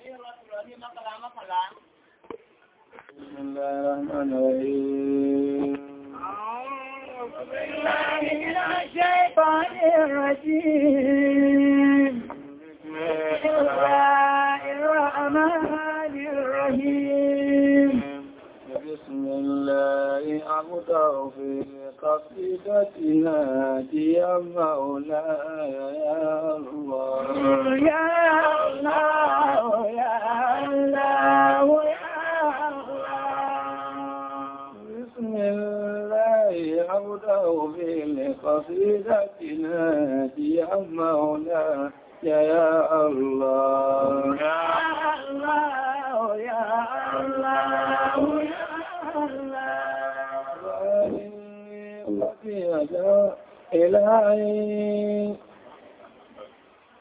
بسم الله الرحمن الرحيم أعوذ بالله من الشيطان الرجيم بسم الله الرحمن الرحيم بسم الله أبو توفيق قصيدتنا يا مولاي يا الله يا الله يا الله يا الله بسم الله عوده بقصيدتنا يا مولاي يا الله يا الله يا الله يا إلهي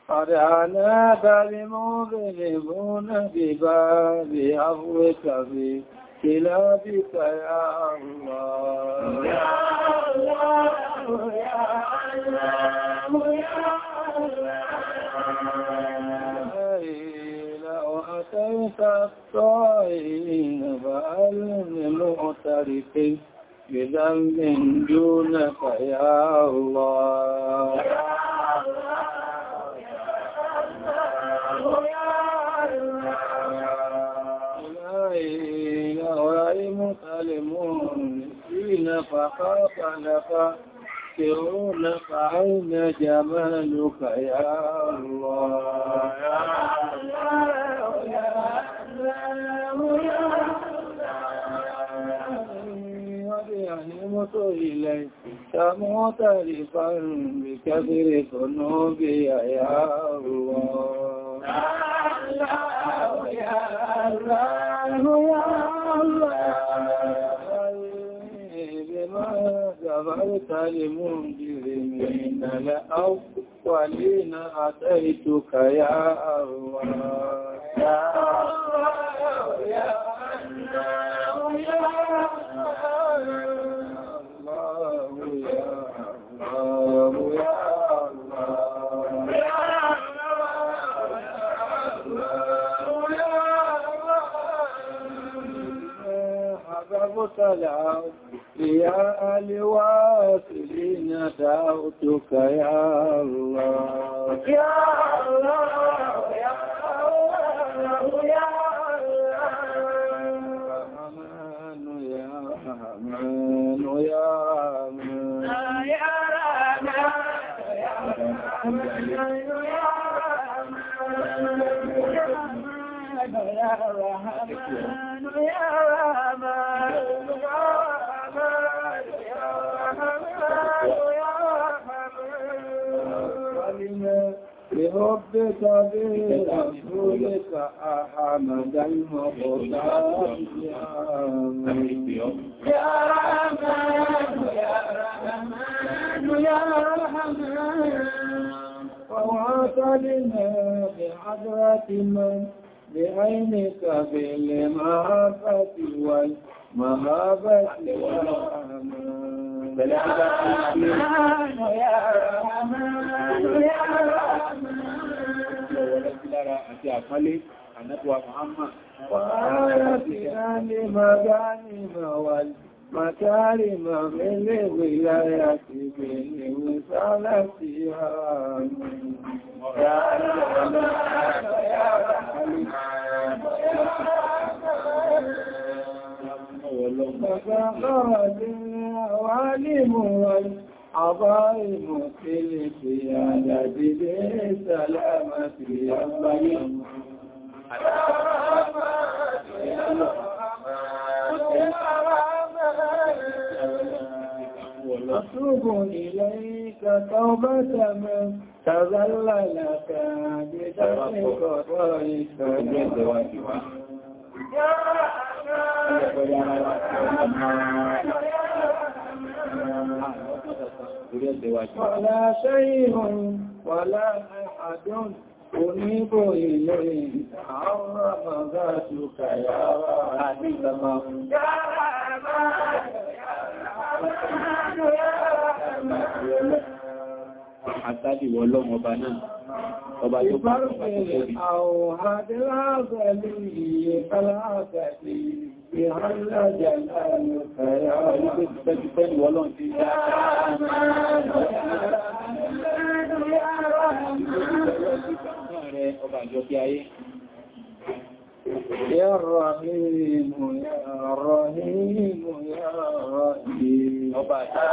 قد عناك بمظلمون بباب عفوك في كلابك يا الله يا الله يا الله يا الله لو أتيت الطائن فألم المعترفين بذنب دونك يا الله إلهي يرأي مسلمون فينا فخاف لك يذكرونك عين جمالك يا الله يا الله أموت إليك كمعترفا بكبر ذنوبي يا الله يا الله يا الله بما جبرت لمنجرمين الأولين أتيتك يا الله يا الله يا الله يا الله يا الواسلين دعوتك يا الله يا الله المغلام يا رحمن يا رحمن يا رحمن وواصلنا بحضرة من بعينك بالمعرفة والمهابة والرحمن يا رحمن يا رحمن يا رحمن النبوة محمد وآيات آل مغانم والمكارم من ولاية من وصالتها يا الله يا رحمن فقال العالم والعظائم في القيادة بسلامة يا أتوب إليك توبة من تذلل لك بدفك الرئيس يا ولا شيء ولا أحد oníbòyìn lóyìn àwọn àmàgbà ṣùkà yàrá àti ìlàmà yàrá àmà àtàdì wọlọ́mọ ọba náà ọba tó bá ọba tó tóbi. Ìbárùn-ún jẹ́ ọba ìjọ kí ayé. Ya Rahimu, Ya Rahimu, Ya Rahimu. Ọba ìjọ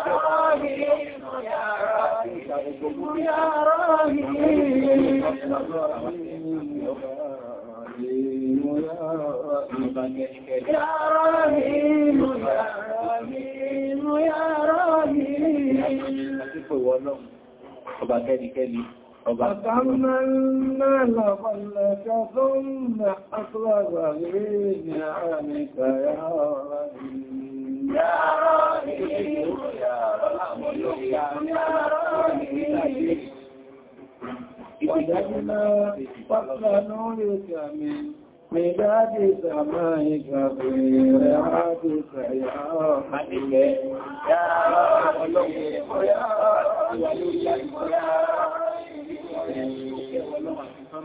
Ya Rahimu, Ya Rahimu. يا رحيم Ọba kẹ́ni kẹ́ni. فأما المال ظلك ثم أطلب به عامك يا رحيم يا رحيم يا رحيم يا رحيم وجدنا فضل نورك من مداد سمائك في رعاتك يا رحيم يا رحيم يا رحيم يا رحيم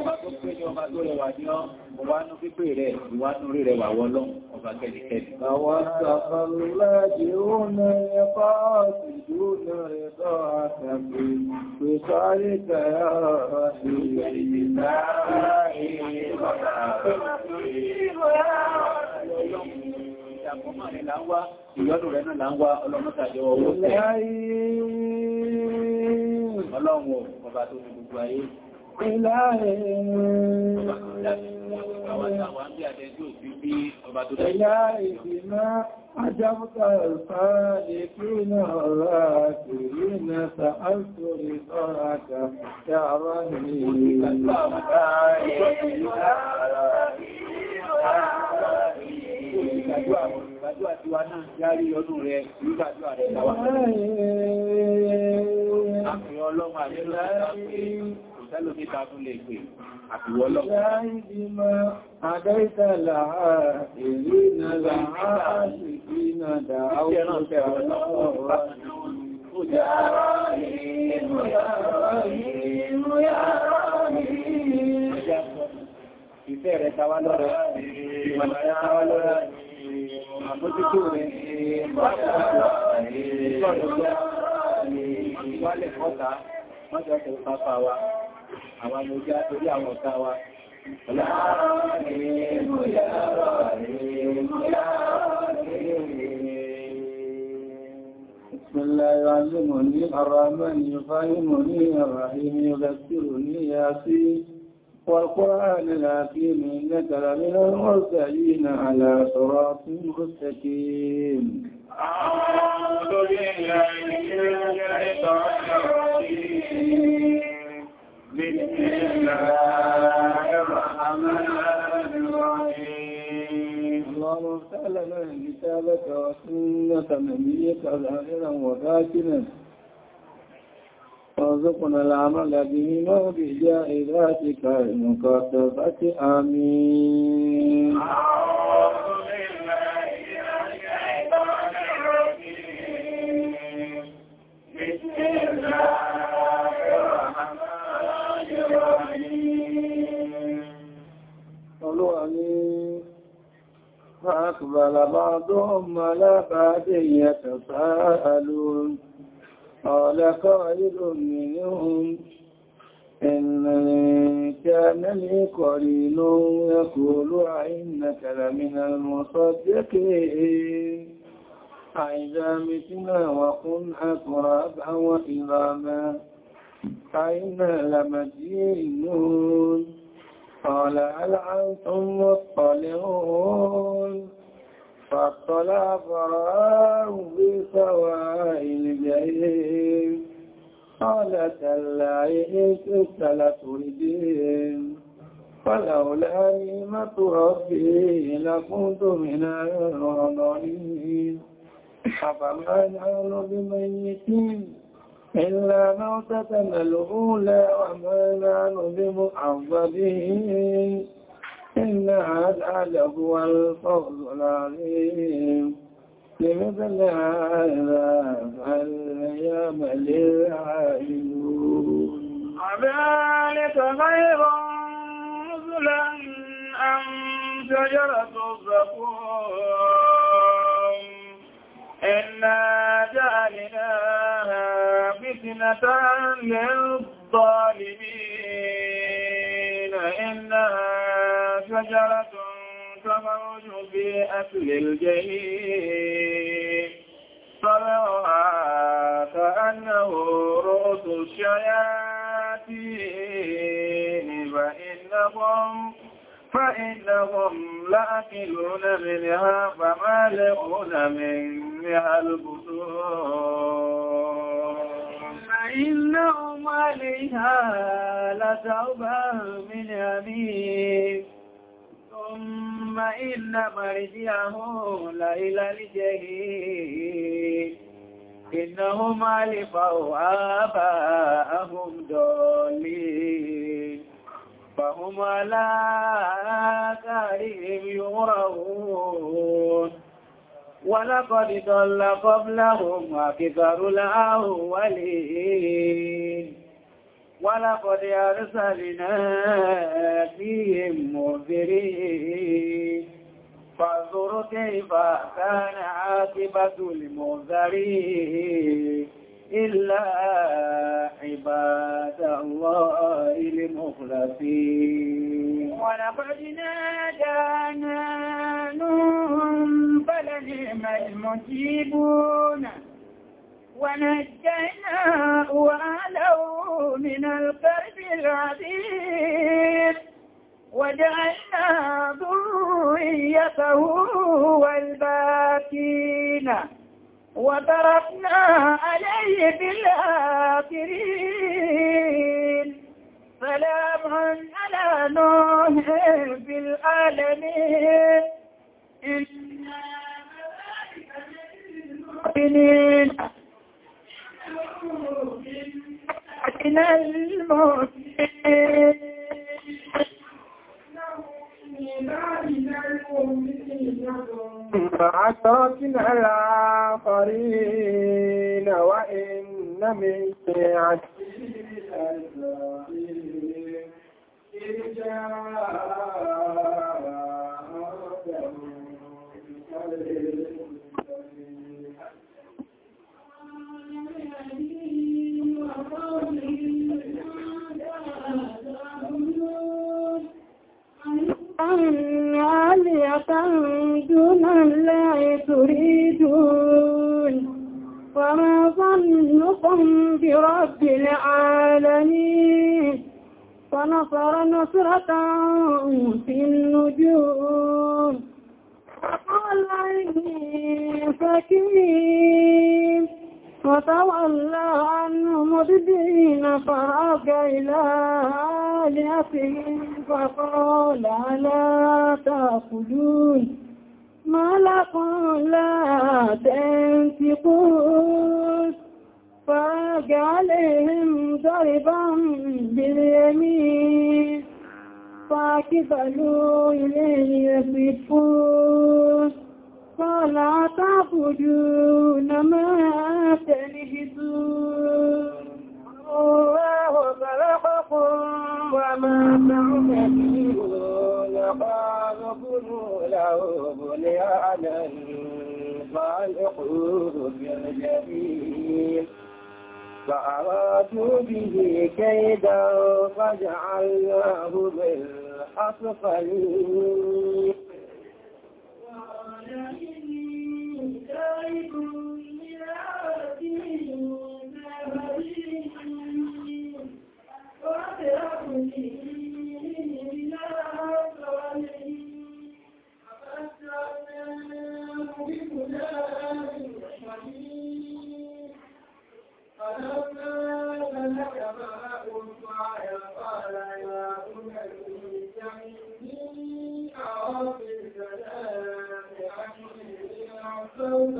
ọba tó pé ní ọba tó rẹwà ní ọ́ ìwánú pípé rẹ̀ ìwánú rí rẹwà wọ́lọ́n ọba kẹ́lìkẹ́lì. àwọn àṣàfàlùláàjì ó ní ẹ̀kọ́ ìdú ní ẹ̀dọ́ àtàkì pé sáré kẹ́yà Ìyọ́nù rẹ̀ náà là ń wá ọlọ́mọ́ tàbí ọwọ́ tẹ̀. Ọlọ́run ọba tó ní gbogbo ayé. إلهي ما عجبت الخالقين الراكبين سألت رضاك يا رهي Ìgbàjúwà tí wa náà járí ọdún rẹ̀ nígbàjúwà rẹ̀ láwá. Àfihàn ọlọ́run àjẹ́lú sẹ́lò níta tún lè pè àtiwọ́lọ́. Ya Rahim, Ya Rahim, Ya Rahim. Ìfẹ́ rẹ̀ tàwà lọ́rọ̀, ìmọ̀lá yá wà lọ́rọ̀, àbójútó rẹ̀, ìgbàlẹ̀ ọ̀tá mọ́jọ́ tó pápá wa àwọn amójá torí àwọn ọ̀tá wa بسم الله يعلمني الرحمن يفهمني الرحيم يذكرني ياسين والقرآن الحكيم إنك لمن المرسلين على صراط مستقيم أعوذ بالله من الشيطان الرجيم اللهم افتعل لنا كتابك وسنة نبيك ظاهرا وباطنا وارزقنا العمل بهما بجاء ذاتك المكاتبة آمين الشيطان فأقبل بعضهم على بعض يتساءلون قال قائل منهم إن كان لي قرين يقول إنك لمن المصدقين أئذا متنا وقلنا ترابا وإظاما أئنا لمدينون قال هل أنتم مطلعون فاطلع فراه بسواء الجحيم قال كلا إن كنت لتردين فلولا نعمة ربي لكنت من المنظرين أفما نحن بميتين إلا موتتنا الأولى وما نعن بمعظمين إن هذا لهو الفوز العظيم لمثل هذا فليعمل العاملون أذلك خير نزلا أم شجرة الزقوم إنا جعلناها فتنة للظالمين إنها شجرة تموج في أكل الجهيم طلعها كأنه رؤوس الشياطين فإنهم فإنهم لأكلون منها فمالئون منها البطون فإنهم عليها لتوبا من أمين ثم إن مرجعه لإلى الجحيم إنهم ألفوا آباءهم ضالين فهم لا آثارهم يغرؤون ولقد ضل قبلهم أكثر الأولين ولقد أرسلنا فيهم منذرين فانظروا كيف كان عاقبة المنذرين إلا عباد الله المخلصين ولقد نادانا نوح فلنعم المجيبون ونجيناه وعلوا من القلب العظيم وجعلنا ذريته والباكين وتركنا عليه في الآخرين سلام على نوح في العالمين إنا المؤمنين من المؤمنين عشرة على قرين وإن من شيعته إذ جاء عالية دون الله تريدون وما ظنكم برب العالمين فنصر نصرة في النجوم وقال إني سكين وتولى عنه مدبرين فراغ إلى آلهتهم فقال ألا تأخذون ما لكم لا تنفقون فراغ عليهم ضربا باليمين فاكبلوا إليه يسفون فلا تعبدون ما تنهدون الله خلقكم وما تعملون قالوا له بنيانا فالقوه بالجبين فأرادوا به كيدا فجعلناه بالحق بالأسفلين إني تائب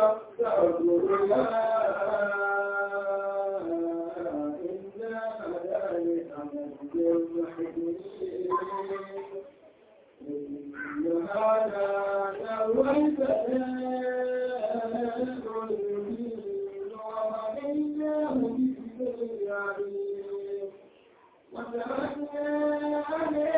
وتركنا عليه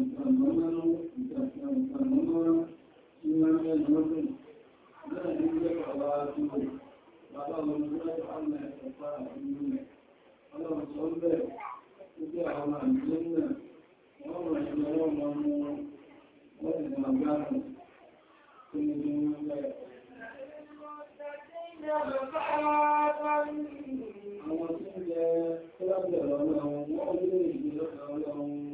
Àwọn tí ń jẹ tó lábẹ̀ ọ̀rọ̀ ọlọ́run, wọ́n ó lè ìgbé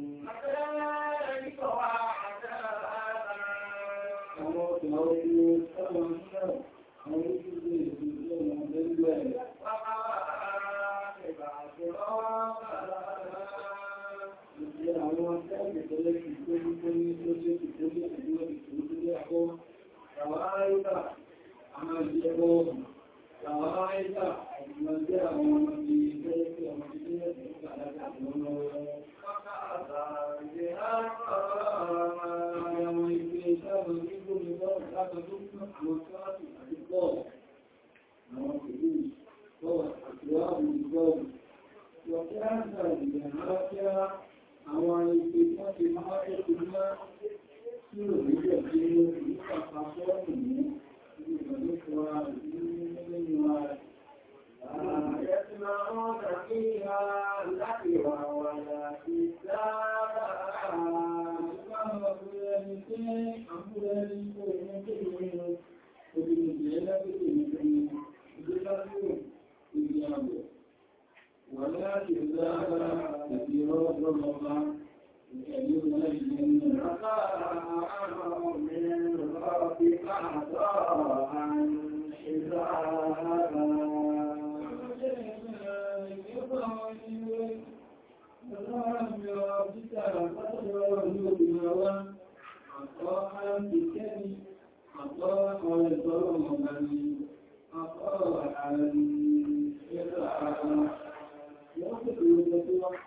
Thank àwọn ibi tí wọ́n ti máa ń tó má sí òwúrọ̀ tí ó ti pàpà fọ́ọ̀mù ní ìgbẹ̀lẹ́kọ̀ọ́ nínú ara. يسمعون فيها لحوا ولا كتابا Thank you. ولكن ذهب كثير الظلمة يجعلون الجن عطاء من ربك عطاء حسابا أطاع بالكذب أطاع الظلم أطاع everyone.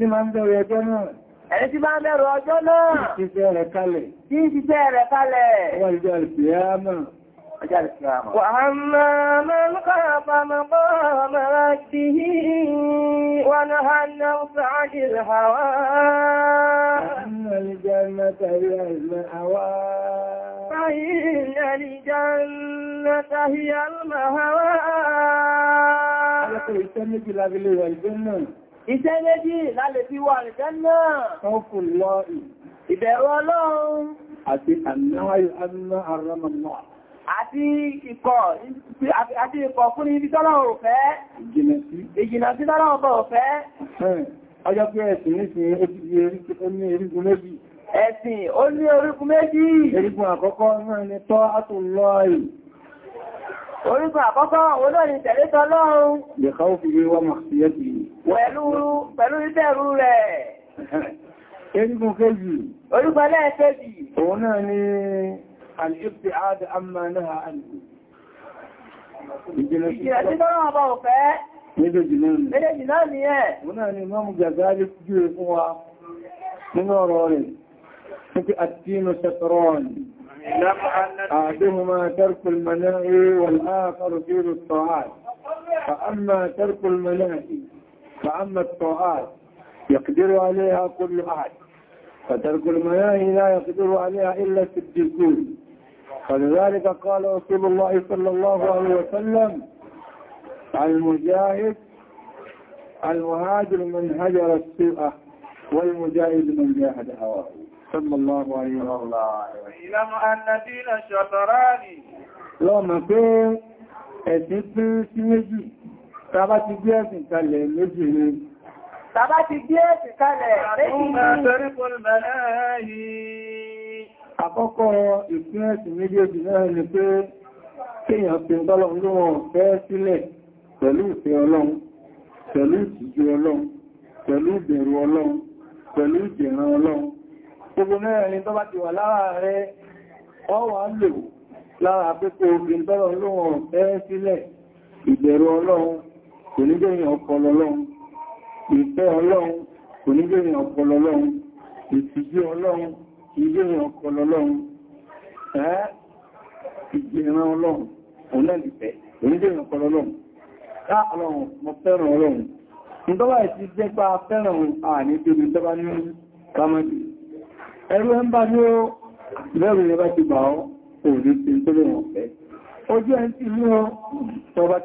tí máa ń bẹ̀rù ọjọ́ náà. Ẹni tí máa ń bẹ̀rù ọjọ́ náà. Tí ń ṣiṣẹ́ rẹ̀ kalẹ̀. Tí ń ṣiṣẹ́ rẹ̀ kalẹ̀. Ọwọ́ ìjọ ìpìyàmà. Ọjọ́ ìpìyàmà. Wà ń kọ́ àpamọ́ bọ́ ọmọ rájì yìí wà náà hánà ń sàájì ìhàwá. náà Iṣẹ́ méjì lálẹ́ fi wà nìkan náà. Wọ́n kò lọ ìbẹ̀rù Ọlọ́run. Àti àmì àrọ́mọ̀lọ́. Àti ikọ̀ fún ibi tọ́lá òfẹ́. Ìjìnà sí tọ́lá ọba òfẹ́. Ọjọ́ pé ẹ̀sìn nísìn ó ní méjì. Ẹ̀sìn ó ní orígun méjì. Erigun àkọ́kọ́ náà ni tọ́ pẹ̀lú ìbẹ̀rù rẹ̀. Erigun kejì. Orúkọ lẹ́ẹ̀kejì. Òun náà ni Al-Ibti Adi Amma náà Alìkù. Ìjìnlẹ̀ sí tọ́rọ ọba òfẹ́. Méjèjì náà ni. Méjèjì náà ni ẹ̀. Òun náà ni Mọ́mù Gàzárí jùrẹ̀ fún wa nínú ọ̀rọ̀ rẹ̀. Níbi àtínú Ṣẹ̀tọ́rọ̀nì. أحدهما ترك المناعي والآخر فعل الطاعات فأما ترك المناعي فأما الطاعات يقدر عليها كل أحد فترك المناهي لا يقدر عليها إلا السجدون فلذلك قال رسول الله صلى الله عليه وسلم المجاهد المهاجر من هجر السرعة والمجاهد من جاهد هواه صلى الله عليه وسلم إعلم أن الدين الشطراني لما كان أسفل سمجي Tàbá ti gbé ẹ̀sìn kalẹ̀ méjì ni. Tàbá ti gbé ẹ̀sìn kalẹ̀ méjì ni. Àkọ́kọ́ ìpín ẹ̀sìn méjèèjì náà ni pé kéèyàn fi ọlọ́run ló wọ́n fẹ́ sílẹ̀ pẹ̀lú ìfẹ́ ọlọ́run, pẹ̀lú ìtìjú ọlọ́run, pẹ̀lú ìbẹ̀rù ọlọ́run, pẹ̀lú ìjẹ̀ran ọlọ́run. Gbogbo mẹ́rin tó bá ti kò ní jẹ́ èèyàn ọpọlọ lọ́hun ìfẹ́ ọlọ́hun kò ní jẹ́ èèyàn ọpọlọ lọ́hun ìtìjú ọlọ́hun kì í jẹ́ èèyàn ọpọlọ lọ́hun ẹ́ ìgbìran ọlọ́hun òun náà nìfẹ́ kò ní jẹ́ èèyàn ọpọlọ lọ́hun ká ọlọ́hun mo fẹ́ràn ọlọ́hun ìdọ́wà ìsí jẹ́ pa fẹ́ràn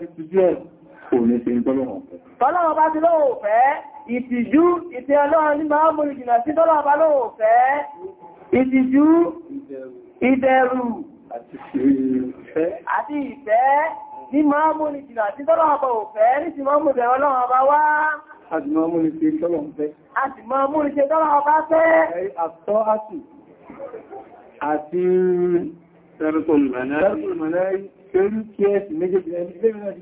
àní tó ní òní ti ń tọ́lọ́wọ̀ fẹ́. tọ́lọ́wọ̀ bá ti lọ́wọ́ fẹ́ ìtìjú ìtẹ́ ọlọ́run ní máa mú ìjìnà sí tọ́lọ́wọ̀ bá lọ́wọ́ fẹ́ ìtìjú ìdẹ̀rù àti ìfẹ́ ní máa mú ìjìnà sí tọ́lọ́wọ̀ bá òfẹ́ ní ti máa mú ìdẹ̀rù ọlọ́run bá wá a sì máa mú ní ṣe tọ́lọ́wọ̀ fẹ́ àti Sẹ́rùtùn mẹ́lẹ́ ṣe rí kí ẹ̀sì méjèèjì ẹni lébìnà ti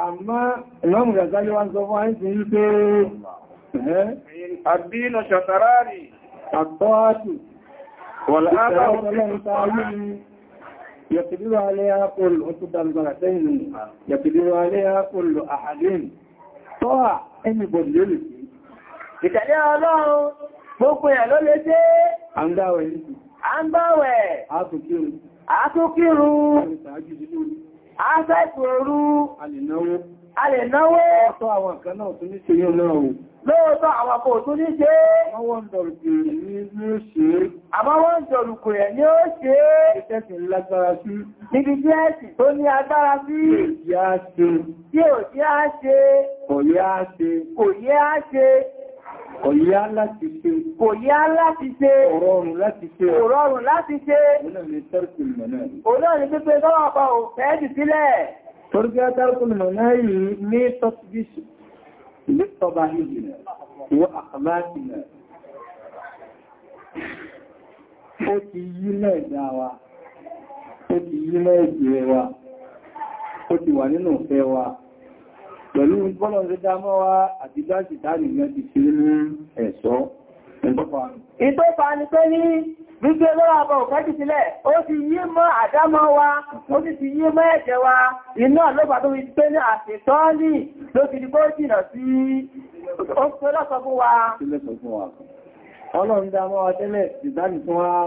àmá ìmọ́mù ìrẹ̀sálé wá ń sọ fún àìsí wípé àbínú ṣàtàrárì àtọ́wàtù يقدر عليها كل أطد البلدين يقدر عليها كل أحدين طوع ẹni bọ̀lẹ́lẹ̀ ìtẹ̀lẹ́ ọlọ́run gbogbo ẹ̀ ló lè dé à ń dáwẹ̀ à ń báwẹ̀ àtòkírù àtòkírù Aṣẹ́kùrú alẹ̀náwó ọ̀tọ́ àwọn kan náà tún ní ṣe yóò náà o. Lóòótọ́ àwọn kò tún ní ṣe. Àwọn ọ̀dọ̀rùkù rẹ̀ ní ó ṣe. Àmọ́ wọ́n jọ̀rùkù rẹ̀ ní ó ṣe. Ìtẹ́sì lágbára sí. Níbi tí ẹ̀sì tó ní agbára ṣe. Kò yá láti ṣe. Kò yá láti ṣe. Kò rọrùn láti ṣe. Kò rọrùn láti ṣe. Olóòrùn pípẹ́ tọ́wọ́ pa ò fẹ́ jù sílẹ̀. Torí atárùkùn mọ̀ná yìí ní tọ́síbíṣì, ní tọba ìjìnà, ìwọ pẹ̀lú bọ́lọ̀ ṣe dámọ́ àti dáṣì tàbí ìyàn ti ṣe ní ẹ̀ṣọ́ ìtọ́fà ní pé ní gbígbé lọ́wọ́ àbọ̀ sílẹ̀ ó ti yí mọ́ àdámọ́ wa ó ti yí mọ́ ẹ̀jẹ̀ wa iná lọ́pàá tó fi pé ní àṣìtọ́ọ̀lì ló ti dìbò jìnà sí ó pẹ́ lọ́sọ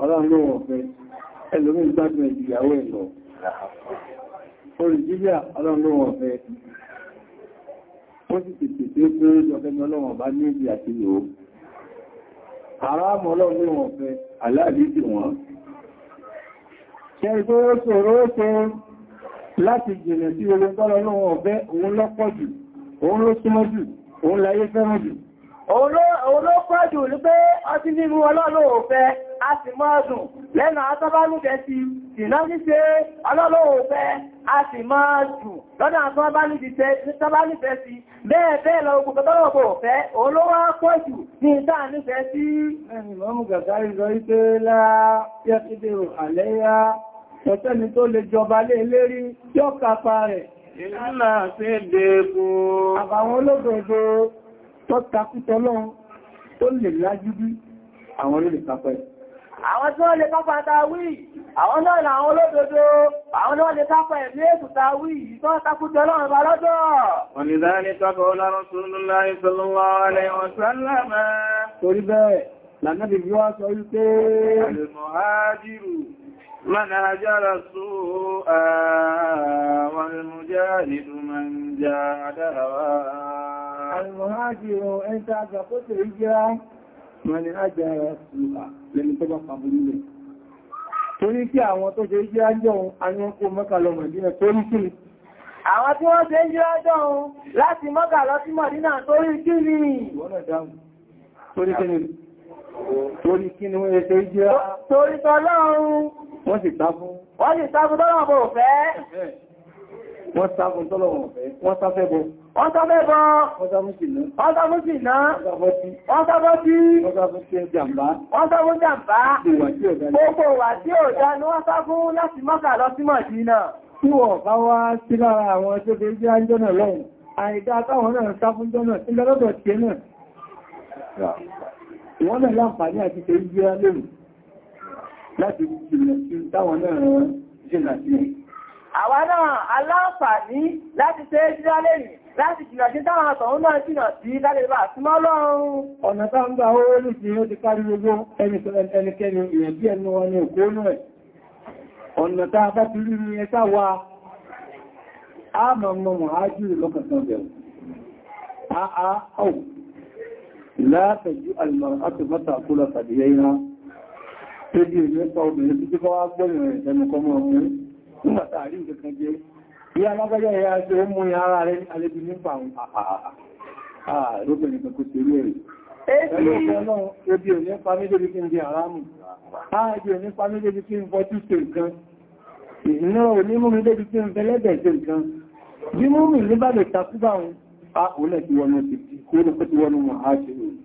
ọlọ́run ló ọlọ́run ní ìdí fẹ́ aláàbí sì wọ́n ṣẹ́rí ó ṣòro ó ṣe láti jìnà sí ogun tọ́lọ lóhun ọ̀fẹ́ òun lọ́pọ̀ jù òun ló súnmọ́ jù òun láyé fẹ́ràn jù òun ló jù ní pé ọtí nínú ọlọ́run fẹ́ a sì máa dùn lẹ́nà àtọ́bálùjẹ́ sí ìná ṣíṣe ọlọ́lọ́wọ́ fẹ́ a sì máa dùn lọ́nà àtọ́bálùjẹ́ sí bẹ́ẹ̀ bẹ́ẹ̀ lọ ogun tọ́lọ́wọ́ fẹ́ olówó pọ̀ jù ní ìta nífẹ́ sí Ìmọ̀mù Gàgárí lọ wípé láà yẹ́kídèrò àlẹ́yà ọ̀tẹ́ni tó lè jọba lé e lérí yọ́ kapa rẹ̀. Ìlànà Àbàwọn olóògbò tó takútọ́lọ́ tó lè lájú bí àwọn olóògbò àwọn tí wọ́n lè kápá táwí àwọn náà ni àwọn olódodo àwọn náà lè kápá ẹ̀mí ètù táwí yìí tó lọ́rùn bá lọ́dọ̀ ọ̀nìdáníkọ́kọ́ ọlọ́run Rasulullahi sallallahu alaihi wasallam wọ́n ni ágbára lùkà lẹ́ni tó bá pàbú nílẹ̀ torí kí àwọn tó jẹ́ iṣẹ́ ajọ́ àwọn kó mọ́kà lọ mọ̀dínà torí kí ni àwọn tí wọ́n jẹ́ iṣẹ́ ajọ́ láti mọ́kà lọ sí mọ̀dínà torí kí ni torí kí ni wọ́n ẹ̀ṣẹ́ iṣẹ́ torí tọ́lọ́run wọ́n sì tá wọ́n sì tá fún tọ́lọ́run fẹ́ wọ́n sá fún tọ́lọ́run fẹ́ wọ́n sá fẹ́ Ọjọ́ mẹ́bọ́, ọjọ́ mùsìnà, gbogbo wà tí ò dá ní wọ́n sá fún láti Mọ́kà lọ sí Mọ̀dínà. Tí wọ́n bá wá sí lára àwọn tó fẹ́ jẹ́ àjọ́nà lọ́wọ́, àìdá táwọn náà sá fún jọ́nà sí lọ́dọ̀ tí náà. Wọ́n náà láti jìnà sí táwọn náà láti jìnà sí táwọn àtọ̀wọ́n náà jìnà sí lálẹ́bà súnmọ́ lọ́run ọ̀nà tá ń gba orí sí ó ti kárí gbogbo ẹnikẹ́ni ìyẹn bí ẹnu wọn ni òkónú ẹ̀ ọ̀nà tá bá ti rí ní ẹsá wa a mọ̀ mọ̀ mọ̀ á jù lọ́kàtàn bẹ̀rẹ̀ àà ọ̀wọ̀ látẹ̀jú alìmọ̀ràn wá nígbàtà àrí nǹkan jẹ́ ìyá alágbẹ́jẹ́ ìyá ṣe ó mú ara rẹ̀ alébí nípa àwọn ààrùn kò sí rí èrè ẹ̀bí ẹbí ò ní pa méjèbí kí n di àrámù ẹbí ah, ò ní pa méjèbí kí n fọ́tú ṣe nǹkan ìná ò ní mú méjèbí kí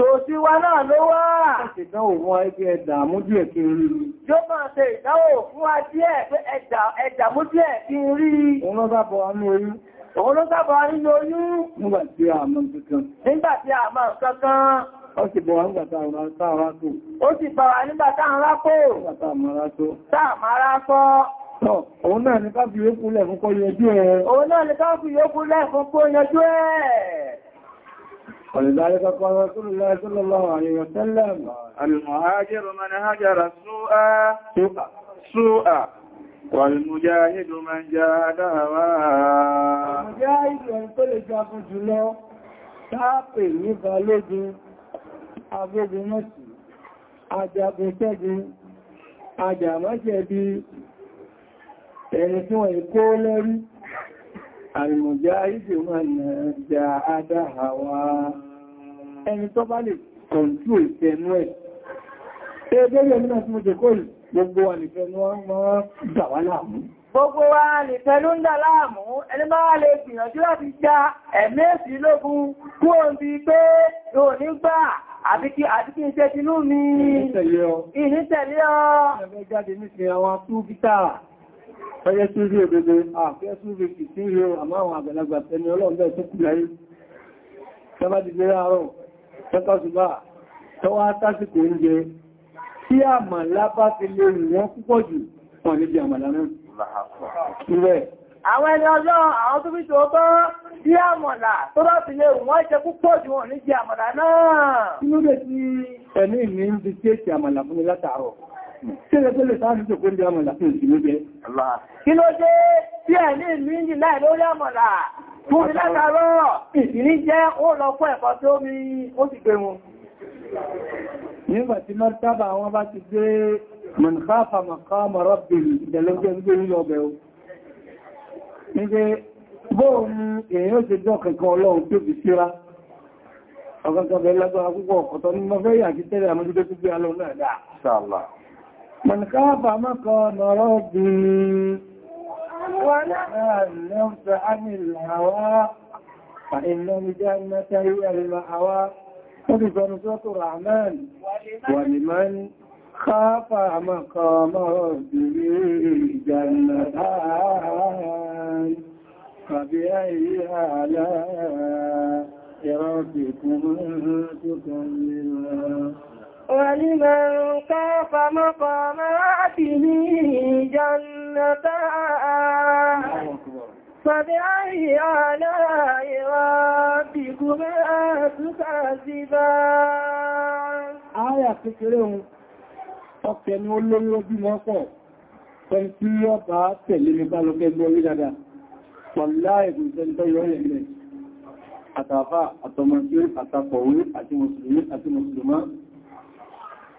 Tò sí wa náà ló wá. Ìdánwò fún ẹgbẹ́ ẹ̀dà mújú ẹ̀ kí n rí. Yóò máa ṣe ìdánwò fún wa díẹ̀ ẹ̀dà mújú ẹ̀ kí n rí. Òun ló sábọ̀ nínú oyún. Òun ló sábọ̀ nínú oyún. Nígbà tí a máa kankan. Nígbà tí a máa kankan. Ó sì bọ̀ wá nígbà táwọn rákò. Ó sì bọ̀ wá nígbà táwọn rákò. Nígbà táwọn rákò. Táwọn rákò òun náà ni ká fi yókù lẹ̀ fún kó yanjú ẹ̀. òun náà ni ká fi yókù lẹ̀ fún kó yanjú ẹ̀. ولذلك قال رسول الله صلى الله عليه وسلم المهاجر من هجر السوء سوء والمجاهد من جاهد هواه المجاهد ينقل جاكم جلو تاقي لبالوجي أبوب نسي أجاب سجي أجاب سجي ẹni tí wọ́n ìkó lẹ́rí àrìmọ̀jáìdì wọn jà ádáhà wá ẹni tó bá lè kọ̀ntú ìfẹ́nú ẹ̀ ẹgbẹ́gbẹ́ nínú ọdún mọ́jẹ̀ kó gbogbo wà nìfẹ́nú wọn máa dà wá láàmú gbogbo wa nìfẹ́nú ń dà láàmú ẹni máa lè gbìyànjú láti ní gbà àbí kí àti Fẹ́yẹ́ sí rí òdòdó, àfẹ́ sí rí ìsí rí àmọ́ àwọn àgbàlagbà ẹni ọlọ́run bẹ́ẹ̀ tó kú láyé. Tẹ́bá ti gbé ráàrùn, tẹ́kọ́ ṣùgbà, tọ́wọ́ tásìkò oúnjẹ, tí àmàlá bá ti lè rìn wọ́n púpọ̀ jù, wọ́n níbi àmàlá náà àwọn ẹni ọlọ́run àwọn tó bí tó bọ́ bí àmọ̀là tó bá fi lè wọ́n jẹ púpọ̀ jù wọ́n ní jẹ àmọ̀là náà. Inú rẹ̀ tí ẹni ìní ń bí tí èkì àmọ̀là fún mi Kílódé tí tábà wọn bá ti gbé mọ̀nkáfà maqama rabbih ìdẹ̀lẹ́gbẹ̀ ń gbé ní Nígbé bóòm èèyàn ó jọ kankan ọlọ́run tó fi síra. Ọ̀kankan bẹ̀rẹ̀ púpọ̀ ọ̀tọ̀ ní fẹ́ yà kí tẹ́lẹ̀ àmójútó gbé alọ́ náà dáa. من خاف مقام ربه ونهى النفس عن الهوى فإن الجنة هي المأوى وبفرزة الرحمن ولمن خاف مقام ربه جنتان فبأي آلاء ربكم تكلمان ولمن خاف مقام ربه جنتان فبأي آلاء ربكما تكذبان Ààyà kékeré ohun, ọ̀pẹ̀ ni ó lórí ojú tẹ̀lé mi bá lọ gẹ́gbẹ́ orí dada, pọ̀lá ẹ̀kùn ìtẹ́lẹ́tọ́ yọ ẹ̀rẹ̀, àtàfà, àtọmọ̀ tí àtàkọ̀wé àti mùsùlùmí àti mùsùlùmá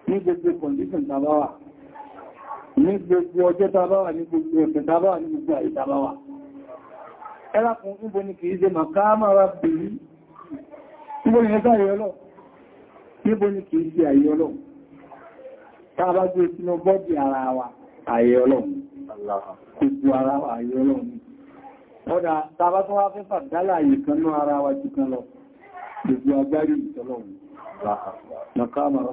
ní gbogbo condition tàbáwà ní gbogbo ọjọ́ tàbáwà ní gbogbo ọ̀sẹ̀ tàbáwà ní gbogbo àyè tàbáwà ẹlákùn níbo ni kìí ṣe màkáàmàrà bìí níbo ni ẹgbà ìyọlọ níbo ni kìí ṣe àyọlọ tàbá gbé sínú bọ́dì ara wa àyọlọ gbogbo ara wa àyọlọ ni ọ̀dà tàbá tó wá fẹ́fà dálà àyè kan náà ara wa jù kan lọ gbogbo agbárí ìtọ́lọ̀ màkáàmàrà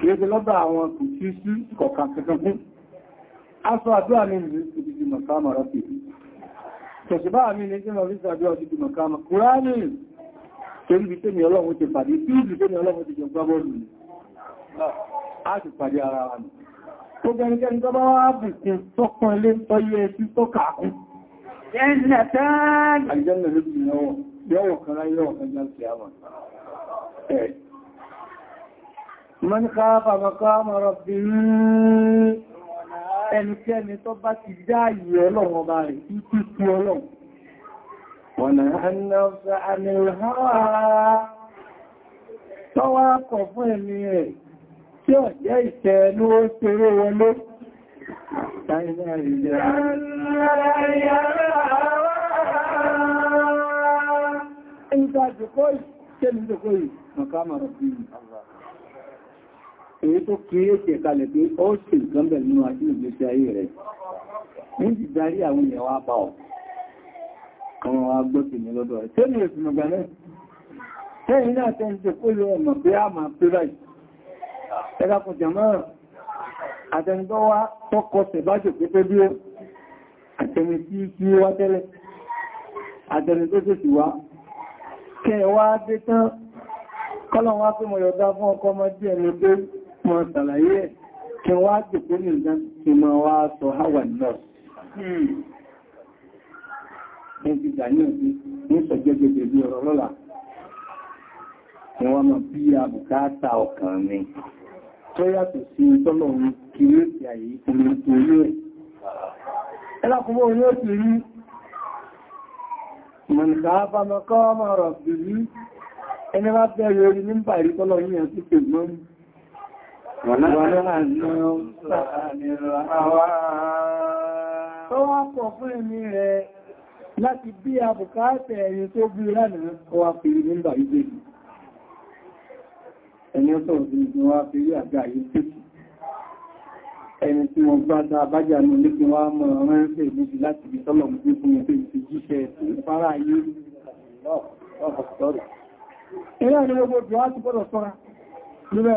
kéèkì lọ́bà àwọn kò tí sí kọ̀kan kankan fún aṣọ àdúrà ní ìlú ti di mọ̀kámà rọ́pì tẹ̀sùbá mi ní tí wọ́n fi sàdúrà ti di mọ̀kámà kúránì torí bí tẹ́mi ọlọ́run ti pàdé tí ìlú tẹ́mi ọlọ́run ti jọ gbábọ́ọ̀lù ni a ti pàdé ara wa ni tó gẹnikẹ́ni tó bá wá bùkún tọ́kàn ilé tọ́yí ẹsí tó kàákún Jẹ́nà tán! Àjẹ́nà ló bí yọ́wọ̀ من خاف مقام ربه ẹnikẹ́ni tó bá ti dáyìí ọlọ́run ọba rẹ̀ títí sí ọlọ́run wọ̀nà ẹnàfẹ́ àmìlhàwà tó wá kọ̀ fún ẹ̀mí rẹ̀ tí ó jẹ́ ìṣẹ́ ní ó ṣeré wọlé táìlẹ̀ ìjẹ́ èyí tó kírètì ẹ̀kalẹ̀ pé ó ṣe nǹkan bẹ̀ nínú àti ìgbésí ayé rẹ̀ ní ìdarí àwọn èèyàn wá bá ọ̀ àwọn agbóṣì ní lọ́dọ̀ rẹ̀ tẹ́lẹ̀ ìfìnà gbẹ̀rẹ̀ tẹ́yìn náà tẹ́ ń ṣe kó lọ ọmọ pé a máa pé báyìí ẹgbàkùn jàmọ́ àtẹnudọ́wá tọ́kọ tẹ̀bájò pépé bí ó àtẹni tí kí wá tẹ́lẹ̀ àtẹni tó tó sì wá kẹ́ wá dé tán kọ́lọ̀ wá pé mo yọ̀dá fún ọkọ̀ ọmọ díẹ̀ ní pé mọ́ ṣàlàyé ẹ̀ kí wá jùkú ní ìdán kí mọ́ wá sọ hawa náà ní ti dàníyàn sí ní sọ̀jẹ́gbẹ̀gbẹ̀ bí ọ̀rọ̀ lọ́la ni wọ́n mọ̀ bí i àbùkátà ọkàn mi tó yàtọ̀ sí tọ́lọ̀ kí ló ti àyè ìpínlẹ̀ torí ẹ̀ ẹlákùnmọ́ orí ó ti rí mọ̀nìká bá mọ́kọ́ ọmọ rọ̀ sí ẹni bá bẹ̀rẹ̀ orí nígbà ìrítọ́lọ̀ yíyàn sí pẹ̀lú Láti bí a bùkátẹ̀ ẹni tó bí lánàá wà fèrè nígbà ìgbè ni. Ẹni ó sọ̀rọ̀ sí ìgbìn fèrè àgbà yìí tí. Ẹni tí wọ́n gbá ta bájá ní olé kí wá mọ̀ rẹ́rẹ́fẹ́ ìlúbi láti bí sọ́lọ̀ mú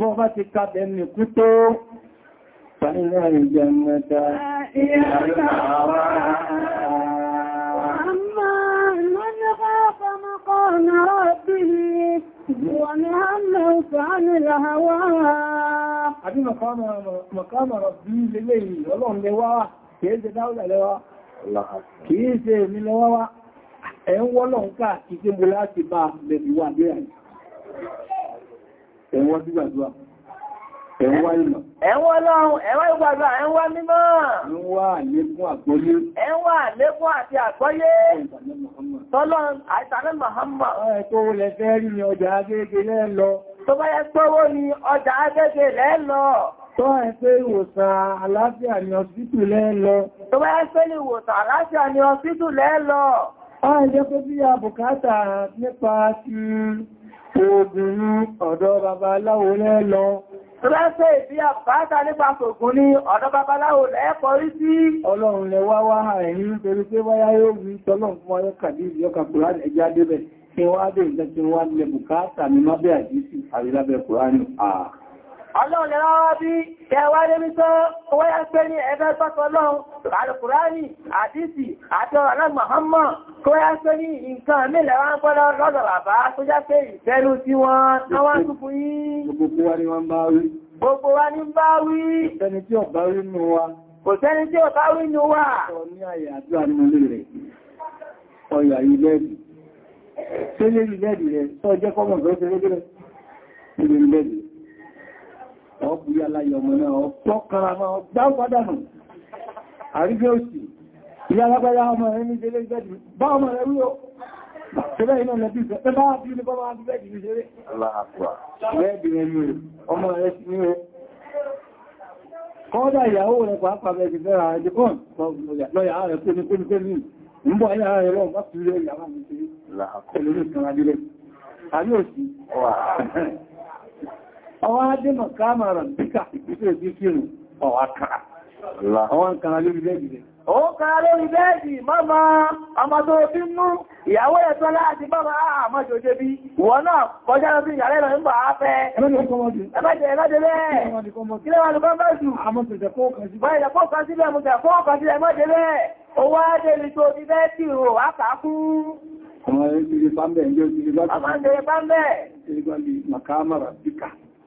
bọ́ bá ti kàbẹ̀ ní kú tó fàílẹ̀ ìjẹmẹta ìyàrá àwárá àmà lọ́nà bá fọmọkọ̀ náà bí Àbí mọ̀kánà rọ̀bí lélẹ̀ yìí, ọlọ́run lẹ́wà wá, kìí ṣe dáúdà lẹ́wà, kìí ṣe èmi lẹ́wà wá, ẹ̀ ń wọ́lọ̀ ẹ̀wọ́n sí gbàdúrà ẹ̀wọ́n ìmọ̀ ẹ̀wọ́n ọlọ́run ẹ̀wọ́n ìgbàdúrà ẹ̀wọ́n mímọ́ ẹ̀wọ́n àlékún àgbọ́yé ẹ̀wọ́n àlékún àti àgbọ́yé tọ́lọ́run àìsànà Muhammad ẹ̀kọ́ olè fẹ́ rí ni ọjà agége lẹ́lọ tó bá yẹ pọ́wọ́ ni ọjà agége lẹ́lọ Tó ẹ ìwòsàn àlàáfíà ni ọ̀sítù lẹ́lọ. Tó bá ẹ pé ìwòsàn àlàáfíà ni ọ̀sítù lẹ́lọ. Ó ẹjẹ́ pé bí i àbùkátà nípa ti oògùn ní ọ̀dọ̀ babaláwo lẹ́lọ rẹ́sẹ̀ ìbí àbáta nípa ògùn ní ọ̀dọ̀ babaláwo lẹ́ẹ̀kọ́ rí sí ọlọ́run lẹ wá wá ẹ̀yìn nítorí pé wáyá yóò wí tọ́lọ̀ fún ọyọ́ kàdíìsì ọkà kùránì ẹjá débẹ̀ kí wá dé ìjẹ́ kí wá lẹ ní mábẹ́ àdísì àrílábẹ́ kùránì àà Ọlọ́run lè rárá bí kẹwàá lébi tó owó yá pé ní ẹgbẹ́ pàtàkì Ọlọ́run, Alùkùránì, àdìsì, àti ọ̀rọ̀ náà Muhammad kó yá pé ní nǹkan mílẹ̀ wá ń gbọ́dọ̀ lọ́dọ̀ bàbá tó já pé ìfẹ́lú tí wọ́n náà Gbogbo wa ni bá wí. Gbogbo wa ni bá wí. nù wa. Kò sẹ́ni tí ọ̀bá rí nù wa. Ọ̀ ní àyà àdúrà nínú rẹ̀. Ọ̀yà ìlẹ́rìí. Ṣé lé ìlẹ́rìí rẹ̀? Sọ jẹ́ kọ́mọ̀ tó ṣe lé bụ yà láyé ọmọ náà ọ̀pọ̀ karama ọ̀dáwọ́dánù àrífẹ́ òsì ìyá alágbáyá ọmọ rẹ̀ ní ṣeré ìgbẹ́dì bá ọmọ rẹ̀ wúyọ ṣẹlẹ̀ iná lẹ́bí ìfẹ́ bá bí ní bọ́mọ́ àbíbẹ́dì ní bẹ́ẹ̀ àwọn adémọ̀ káàmàrà bíkà ìpínlẹ̀ ìpínlẹ̀ ọwà kàrà àwọn lórí bẹ́ẹ̀dì ó kàrà lórí bẹ́ẹ̀dì mọ́mọ́ ọmọdé òbí mú ìyàwó ẹ̀tọ́ láti bọ́bá àmọ́jòjé bí wọ́n náà kọjá lọ sí ìyàlẹ́ lọ nígbà áfẹ́ ẹmọ́jẹ̀ ẹmọ́jẹ̀ bẹ́ẹ̀ kí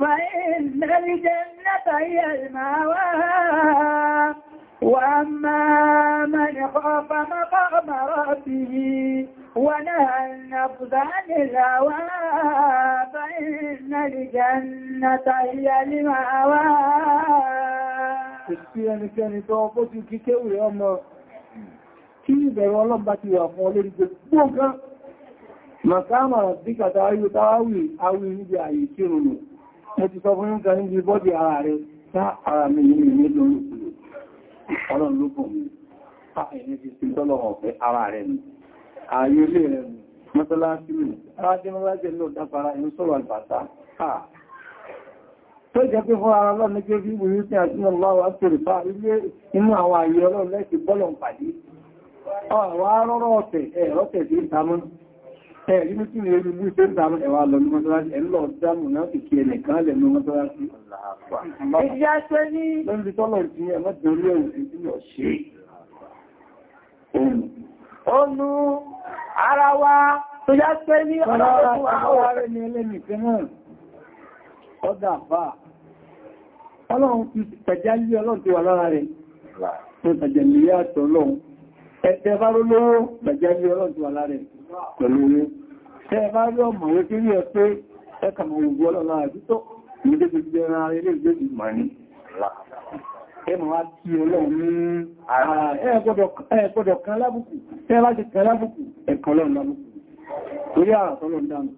فإن الجنة هي المأوى وأما من خاف مقام ربه ونهى النفس عن الهوى فإن الجنة هي المأوى Ìsí ẹnikẹ́ni tó ọkọ́ ti kíké ìrẹ́ ọmọ kí ìbẹ̀rẹ̀ ọlọ́mbà ti wà fún olórin gbogbo nǹkan. Màkàmà bí kàtà ayò táwáwì awì níbi àyè kírùn-ún mo ti sọ fún ìjọ níbi bọ́dì ara rẹ̀ tá ara mi ní ilé lórí ọlọ́run ló bọ̀ mí ààrẹ ti sí tọ́lọ̀ ọ̀fẹ́ ara rẹ̀ mi ààyè ilé rẹ̀ mi mọ́sálásí mi ara jẹ́ mọ́lájẹ́ ló dápara inú sọ̀rọ̀ àgbàtà tó jẹ́ pé fún ara lọ́nà jẹ́ bí wùyú sí àti ọlọ́wà pèrè fà ilé inú àwọn ààyè ọlọ́run lẹ́sì bọ́lọ̀ pàdé ọ̀rọ̀ arọ́rọ̀ ọ̀tẹ̀ ẹ̀rọ́tẹ̀ sí ìtamọ́ ẹ̀rí mú kí ní orí mú ìfẹ́ ìdámọ́ ẹ̀wà lọ ní mọ́sánásí ẹ̀lọ́ dámù náà fi kí ẹ̀lẹ̀ kan lẹ̀ ní mọ́sánásí ẹjá pẹ́ ní lórí tọ́lọ̀ tí ẹmọ́ torí ẹ̀wù sí lọ ṣe olú ara wa tó já pẹ́ ní ọlọ́run Ẹ̀tẹ̀bá ló lówó, bàjá ní ọlọ́dún alárẹ̀ pẹ̀lú orí tẹ́ bá rí ọmọ yóò kí rí ẹ pé ẹkà mọ̀ ògbó ọlọ́lá àjútó ní dédé jẹ́ ara ilé ìgbé ìmọ̀ ní ẹmọ̀ wá tí ọlọ́run ní ara ẹgbọ́dọ̀ kan lábùkù tẹ́ bá ti kan lábùkù ẹ̀kan ọlọ́run lábùkù torí àrà tọ́lọ̀ dánù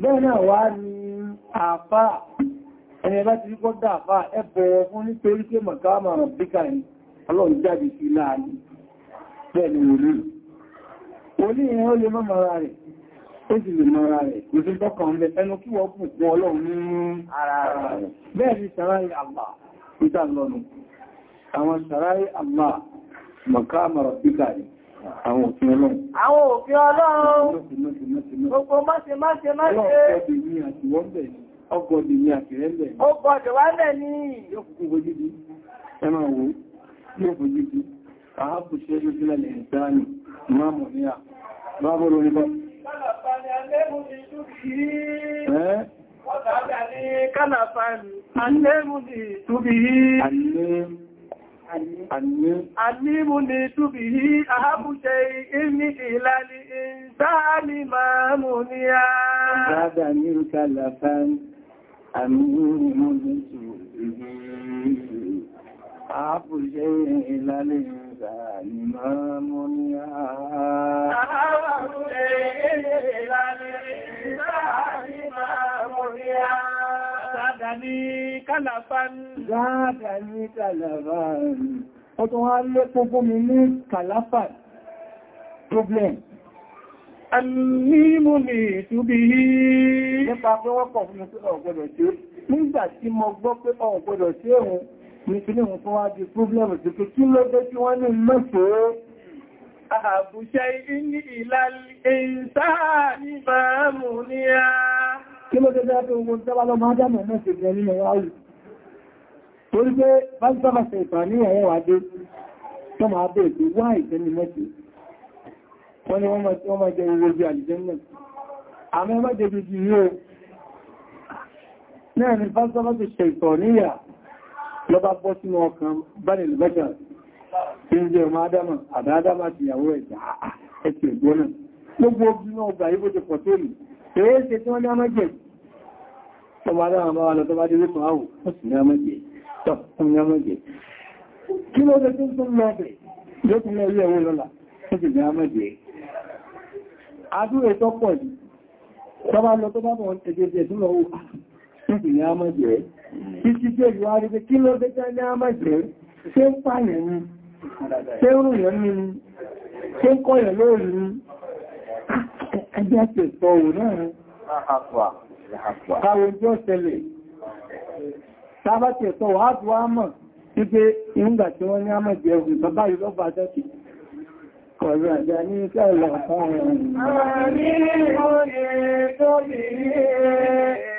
bẹ́ẹ̀ náà wá ní àfá ẹni ẹbá ti rípọ́ dáàfá ẹbọ̀ fún nítorí pé mọ̀ká màrùn-ún píkà ní ọlọ́run jáde sí láàrin bẹ́ẹ̀ ni Wòlí ìyẹn ó lè mọ́ mọ́ra rẹ̀, ó sì lè mọ́ra rẹ̀, kò sí tọ́kàn ń bẹ ẹnu kí wọ́n kù fún ọlọ́run ní ara rẹ̀. Bẹ́ẹ̀ ni ṣàráyé Allah, ìta lọ́nu. Àwọn ṣàráyé Allah, mọ̀ká mọ̀rọ̀ píkà rẹ̀, àwọn òfin ọlọ́run. Àwọn òfin ọlọ́run, gbogbo máṣe máṣe máṣe. Ọgọ́dì ni àkìrẹ́lẹ̀. Ọgọ́dì wá lẹ̀ ní. Yóò kúkú fojú di, ẹ máa wo, yóò fojú di, àápùṣẹ́ yóò sílẹ̀ lẹ́yìn sáà ní, máa mọ̀ Báwo ló ní bọ́? Kálàfà ni alẹ́mù ti túbí. Kálàfà ni alẹ́mù ti túbí. Ànímú ni túbí yí, àhábùṣe ìní ìlàlì ìsáàlì máa mú ní a. Bábà ní kálàfà ni, ànímú ni túbí yí, àhábùṣe ìlàlì الإسلام منيا زادني كلفا زادني كلفا ó tún wá lé púpú mi ní kàláfà problem alìmú ni ìtúbí yìí nípa pé wọ́n kọ̀ fún mi pé ọ̀gbọ́dọ̀ tí ó nígbà tí mo gbọ́ pé ọ̀gbọ́dọ̀ tí ó ní kí ní wọn wá di públẹ̀mù tí kí kí ló dé tí wọ́n ní mọ́sọ̀ àbúṣẹ́ ní ìlàlẹ́sáàní bàámù ní a kí ló dé dáadé ogun tẹ́bà lọ máa dámọ̀ náà ṣe gẹ̀rí ẹ̀yà ayù torí pé fásitọ́mọ̀sẹ̀ ìpàní ẹ̀yẹ́ wà dé tó máa bèèrè pé wá ìtẹ́ni mẹ́sì wọ́n ni wọ́n máa jẹ ìwé bí àlìjẹ́ náà àmọ́ ẹmọ́ jẹ́ bí i yóò náà ni fásitọ́mọ̀sẹ̀ ìpàníyà lọ́bá bọ́ sínú ọkàn báyìí lẹ́gbẹ́ta tí ó jẹ́ ọmọ adama àdáadáma ti ìyàwó ẹ̀jà ẹ̀tì ìgbónà gbogbo ojú náà gbà yíbò ti pọ̀ tó lù èyí ṣe tí wọ́n ní amájẹ̀ ọmọ adama bá wà lọ tó bá dé rékùn áwò ó sì ní amájẹ̀ tọ́ ó ní amájẹ̀ kí ló dé tó tó lọ ilé ẹ̀wọ́ lọ́la ó sì títí tí èyí wá rí pé kí ló dẹ́já ní àmàjẹ́ ṣe ń pààyàn ni ṣe ń rùn yẹn ni ṣe ń kọ́yẹ̀ lóòrì ni ẹgbẹ́ àti ìtọ̀ òun náà káwọn ojú ọ̀sẹ̀lẹ̀ sábàtì ẹ̀tọ́ wà tó wá mọ̀ wípé ìhúngbà tí wọ́n ní àmàjẹ́ òun bàbá yìí lọ́bàá jẹ́ Ọ̀rọ̀ àjá ní ìṣẹ́ ìlọ̀ fún ọ̀rọ̀ ìrìn.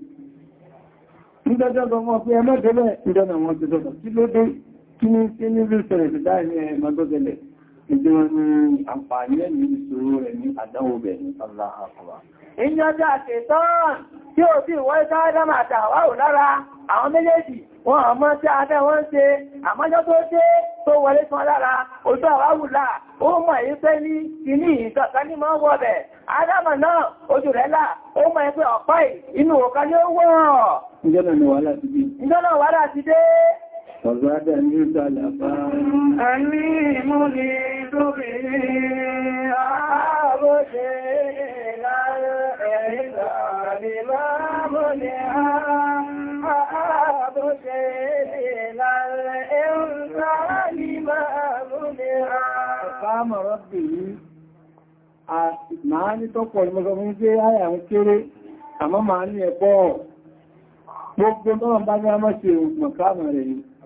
ìjọjọ́gbọ́ wọn pé ẹmọ́tẹ́lẹ̀ ìjọba wọn ti sọ́tọ̀ tí ló dé kí ní sí ní bíṣẹ̀rẹ̀ ti dáìrí ẹmọ́tẹ́lẹ̀ ìjọba ní àǹfààní ẹ̀mí ìṣòro rẹ̀ ní àdánwò bẹ̀ ní aláhàkùnwà. ìjọjọ́ àṣetán tí ó sì wọ́n sáádámà àtàwà ò lára àwọn méjèèjì wọn àmọ́ tí adá wọ́n ń ṣe àmọ́jọ́ tó dé tó wọlé tán lára ojú àwáwùlá ó mọ̀ èyí pé ní kìíní ìtọ̀ká ní máa wọ́bẹ̀ adámà náà ojú rẹ̀ là ó mọ̀ ẹgbẹ́ ọ̀pá inú ọ̀ká ní ó wọ́n فزادني سلفا أني مريد به أبكي إلى الإعلان ما منع أبكي إلى الإنسان ما منع فقام ربي máa ní tọ́pọ̀ ìmọ̀sọ̀ fún pé àyà ń kéré àmọ́ máa ní ẹ̀pọ̀ gbogbo náà bá ní a mọ́ ṣe ògbọ̀n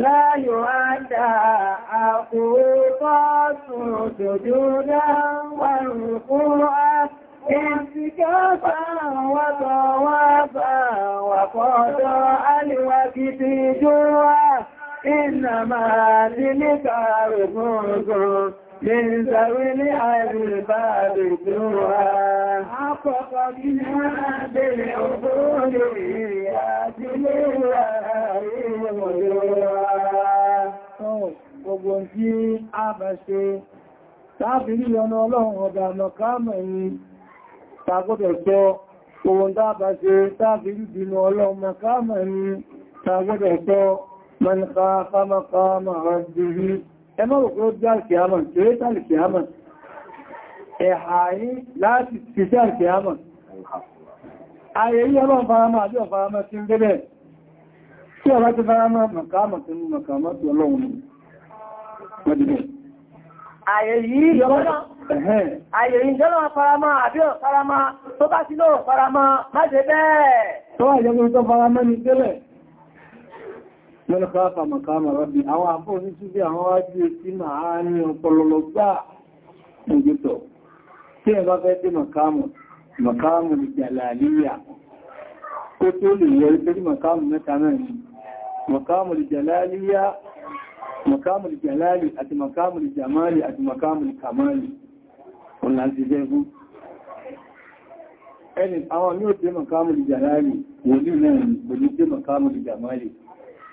láyò ádá àkókọ́sùn òjòjò dáwàrùn fún á ìsìkẹ́sà wọ́tọ̀ wá bá wàkọ́dọ̀ alìwà kìtì jùwà ìnàmà nílìkà rẹ̀ fún من ذوي الألباب الدعاء عطف بنا بالعقول يا Gbogbo tí a bá ṣe táàfìrí ọ̀nà ọlọ́run ọ̀dà lọ́kàmọ̀ yìí, tàgbọ́dọ̀ gbọ́ ohun dábà ṣe táàfìrí ìbínú ọlọ́run mọ̀kàmọ̀ yìí, tàgbọ́dọ̀ gbọ́ mẹ́nìká fámọ́kàmọ̀ rẹ̀ ẹmọ́rò pé ó dá alkiyama kéré ẹ̀hà yí láti fi sí ayé yí ọlọ́run farama àbí ọ̀farama ti ń gẹ́bẹ̀ tí ọ̀rá ti farama mọ̀kámọ̀ tí mú mọ̀kámọ̀ tí ọlọ́run mọ̀dìbẹ̀ bẹ́ẹ̀ wọ́n káàkà màkàmà rábì àwọn àbọ̀ ní túbí àwọn wájú tí máa ní ọpọlọlọ gbá ìgbìtọ̀ tí ẹ bá fẹ́ tí màkàmù màkàmù ìjàlàlíyà kó tó lè yẹ ìtorí màkàmù mẹ́ta náà ni màkàmù ìjàlàlíyà màkàmù ìjàlàlì àti màkàmù ìjàmálì àti màkàmù ìkàmálì ọ̀nà ní ó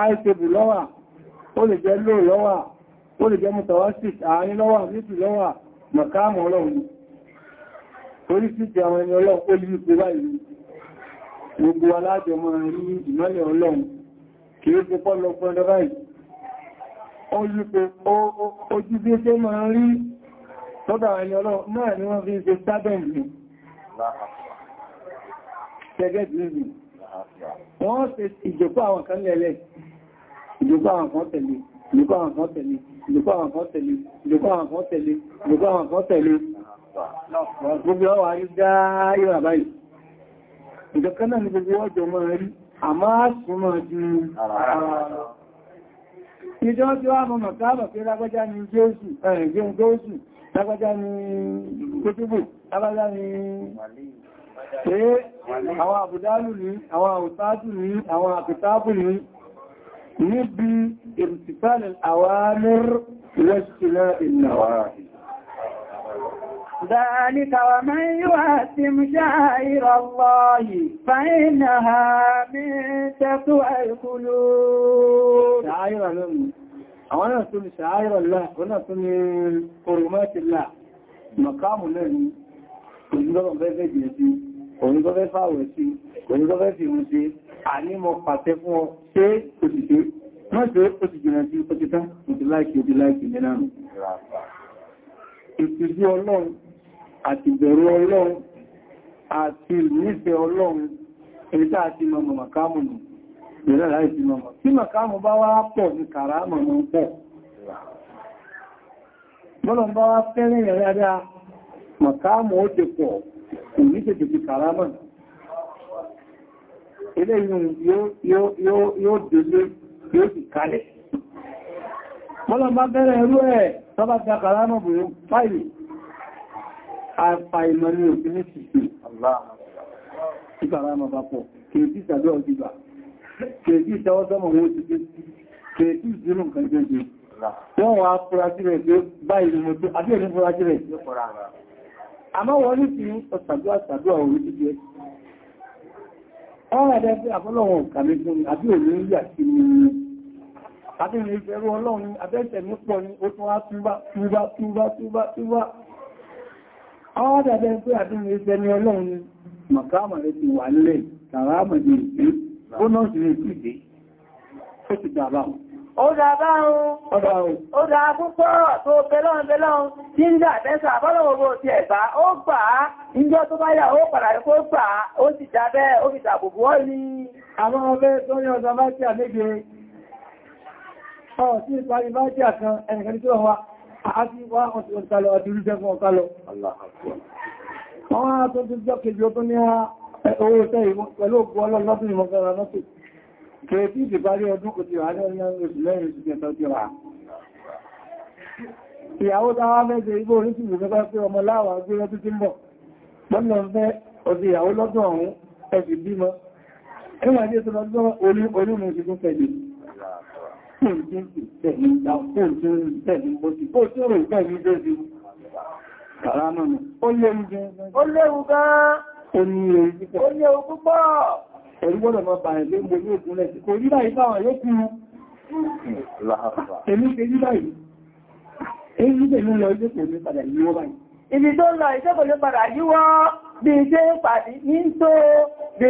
àìsèbù lọ́wà ó lè jẹ́ lóò lọ́wà ó lè jẹ́ mutawasit àárín lọ́wà nítù lọ́wà mọ̀káàmù ọlọ́run torí sí ti àwọn ẹni ọlọ́run ó lè wípé báyìí gbogbo alájọ mọ́ rí ìmọ́lẹ̀ ọlọ́run kì í fi pọ́lọ pọ́lọ báyìí ó yípo ojú bí ṣe máa ń rí sọ́dọ̀ àwọn ẹni ọlọ́run náà ni wọ́n wọ́n ṣe ìjòkó àwọn kan lẹ́lẹ̀ ìjòkó àwọn kan tẹ̀lé ìjòkó àwọn kan tẹ̀lé ìjòkó àwọn kan tẹ̀lé ìjòkó àwọn kan tẹ̀lé ìjòkó àwọn kan tẹ̀lé gbogbo ọwà rí dáyọ̀ àbáyì ìjọkan náà ni gbogbo ọjọ́ mọ́ rí àmá súnmọ́ ju ìjọ tí wá mọ́ mọ̀káàbọ̀ pé lágbájá ni Jésù ẹ̀rìn jẹun Jésù lágbájá ni Kótóbò lágbájá ni pé àwọn àbùdálù ní àwọn àwùtáàtù ní àwọn àkìtàbù ní níbi ìrìtìfàlẹ̀ àwámir lẹ́ṣìlẹ̀ ìnàwà ذلك ومن يهتم شعائر الله فإنها من تقوى القلوب شعائر الله àwọn náà tó ní ṣàáyọ̀ lọ́nà tó ní orùmọ́ ti mọ̀káàmù lẹ́rin òjúlọ́rọ̀ bẹ́ẹ̀ bẹ́ẹ̀ jẹ́ sí òun tó fẹ́ fàwẹ̀ sí òun tó fẹ́ fi mú sí ànímọ̀ pàtẹ fún ọ ṣe òtìṣẹ́ wọ́n ṣe òtìjìnà sí òtìtá òtì láìkì nínú ìtìjú ọlọ́run àti bẹ̀rù ọlọ́run àti nífẹ̀ẹ́ ọlọ́run èyí tètè ti kàrámà ilé inú y'o-yo-yo sì y'o ti kàrámà bò fáìlì àfàìmọ̀ ní òfin ní ṣìṣe tí kàrámà bá pọ̀ kèèkì ìsàdọ́ ọdígbà kèèkì ìsẹ́wọ́sọ́mọ̀ owó ti dé kèèkì ìsínú nǹkan jẹ́ jẹ́ wọ́n wá fúra sílẹ̀ pé ihe ni mo tó àbí ẹ̀ ní fúra sílẹ̀ àmọ́ wọ́n ní fi ọ̀sàdúwà sàdúwà orí jíjẹ ọ̀rọ̀ ẹ̀dẹ́ pé àfọ́lọ́wọ̀n kàmí fún àbí òní ń yà sí ní àbí ní ìfẹ́rú ọlọ́run abẹ́ẹ̀tẹ̀ ní pọ̀ ní ó tún wá túbá túbá túbá túbá ó dá báhún ó dá púpọ̀ tó bẹ́lọ́n bẹ́lọ́n tí ń dà tẹ́sà bọ́lọ̀wọ́gbọ́ ti ẹ̀bá ó gbà á ìjọ tó bá yà ó padà kó gbà á ó sì dábẹ́ ó fi tàbùkù ọ́ ní àwọn ọmọ tó ní ọjọ́ bá tí à méje ọ̀ sí ìparí bá tí àkan ẹnìkan tó wà á sí wá ọ̀sẹ̀ ọ̀tàlọ̀ ọdún jẹ́fún ọ̀tàlọ̀ àwọn àtọ́jú jọ́ kẹ́ẹ̀kì ti parí ọdún kò ti wà ní ọdún oṣù lẹ́yìn oṣù kẹta ti wà. ìyàwó táwà mẹ́sẹ̀ igbó orísìn ìjọba pé ọmọ láwà gbé lọ́dún tí ń bọ̀ lọ́nà fẹ́ ọdún ìyàwó lọ́dún ọ̀hún ẹ̀sì bímọ ẹ̀rú gbọ́dọ̀ máa bàrẹ̀ lé mo ní òkun lẹ́sì kò rí báyìí báwọn yóò kú èmi ṣe rí báyìí èyí ní lọ ilé kò ní padà yíwọ́ báyìí ibi tó lọ iṣẹ́ kò ní padà yíwọ́ bí iṣẹ́ pàdé ní tó lè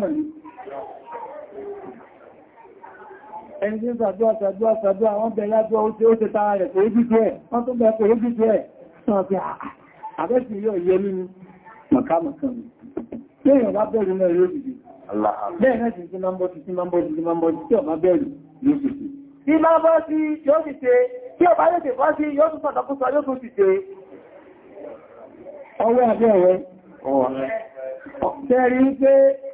mọ́ ẹni tí ń sàdúwà sàdúwà sàdúwà wọ́n bẹ̀ lágbọ́ ó tí ó ti tàà rẹ̀ kò rí jù ẹ̀ wọ́n tó bẹ̀ kò rí jù ẹ̀ sọ pé àbẹ́sì yóò yẹ nínú mọ̀kámọ̀kan lẹ́yìn ọba bẹ̀rù náà yóò dìde bẹ́ẹ̀ náà sì ti máa ń bọ́ sí ti máa ń bọ́ sí ti máa ń bọ́ sí tí ọba bẹ̀rù yóò sì ṣe tí máa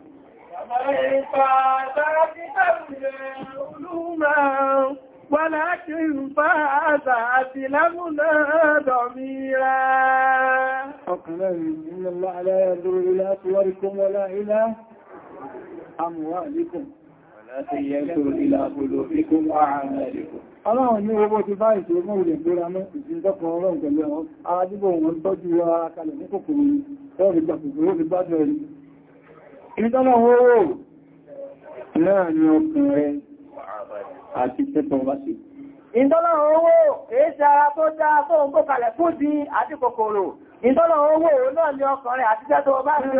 ولكن فازت لمنا ضميرا إن الله لا يدر إلى صوركم ولا إلى أموالكم ولا تيسر إلى قلوبكم وأعمالكم Ọlọ́run ní owó ti bá ìṣòro mọ́ ilẹ̀ gbóra mọ́ ìsìndọ́kan ọlọ́run pẹ̀lú àwọn arábíbò wọn tọ́jú ara kalẹ̀ ní kòkòrò ọ̀rọ̀ ìgbàkùnkùn ó ti ìtọ́lọ̀ owó láàrin ọkùnrin àti tẹ́tọ̀ bá sí ìtọ́lọ̀ owó èéṣẹ́ ara tó dá tó ń kó kalẹ̀ fún di àti kòkòrò ìtọ́lọ̀ owó náà ni ọkùnrin àti tẹ́tọ̀ bá sí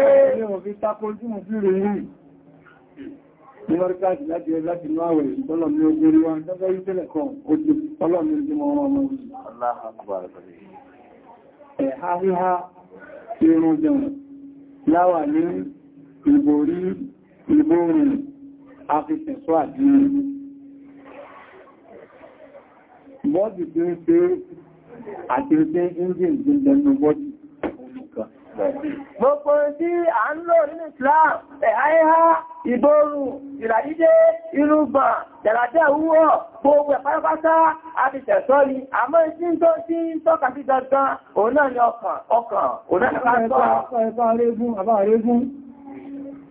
ní ọ̀rẹ́ká àti láti ẹ̀rẹ́ láti ní àwẹ̀ ìtọ́lọ̀mí ogórí wa ń tọ́gbẹ́ ìtẹ́lẹ̀ kan ó ti ọlọ́mí ìdímọ̀ ọmọ ọmọ ẹ̀há híhá irun jẹun láwà ní ìborí ìborùn afẹ́sẹ̀sọ́ àdínú bọ́ọ̀dì tí ń ṣe àti ṣe engine tí ń dẹnu bọ́ọ̀dì gbogbo tí a ń lò nínú Islam ẹ̀háíhá ìborùn ìlàdídé irúgbà jàlàjẹ́ ìwúwọ̀ gbogbo a àti tẹ̀sọ́ ni àmọ́ ìsí tó sí tọ́ka sí dandan òun náà ni ọkàn ọkàn òun náà ni ọkàn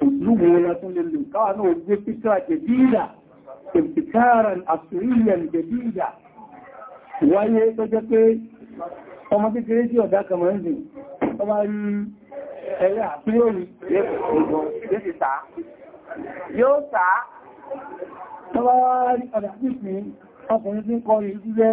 ojú wo la tún lè lò káwà náà gbé pítà jẹ̀dídà ìpìtàràn àṣíríyàn jẹ̀dídà wáyé tó jẹ́ pé ọmọ kékeré tí ọ̀dá kàmọ́rin ọba rí ẹ̀rẹ́ àpíyòrí yóò sáà tọ́wọ́ rí ọ̀dá pípín ọkùnrin tí ń kọ́ rí jíjẹ́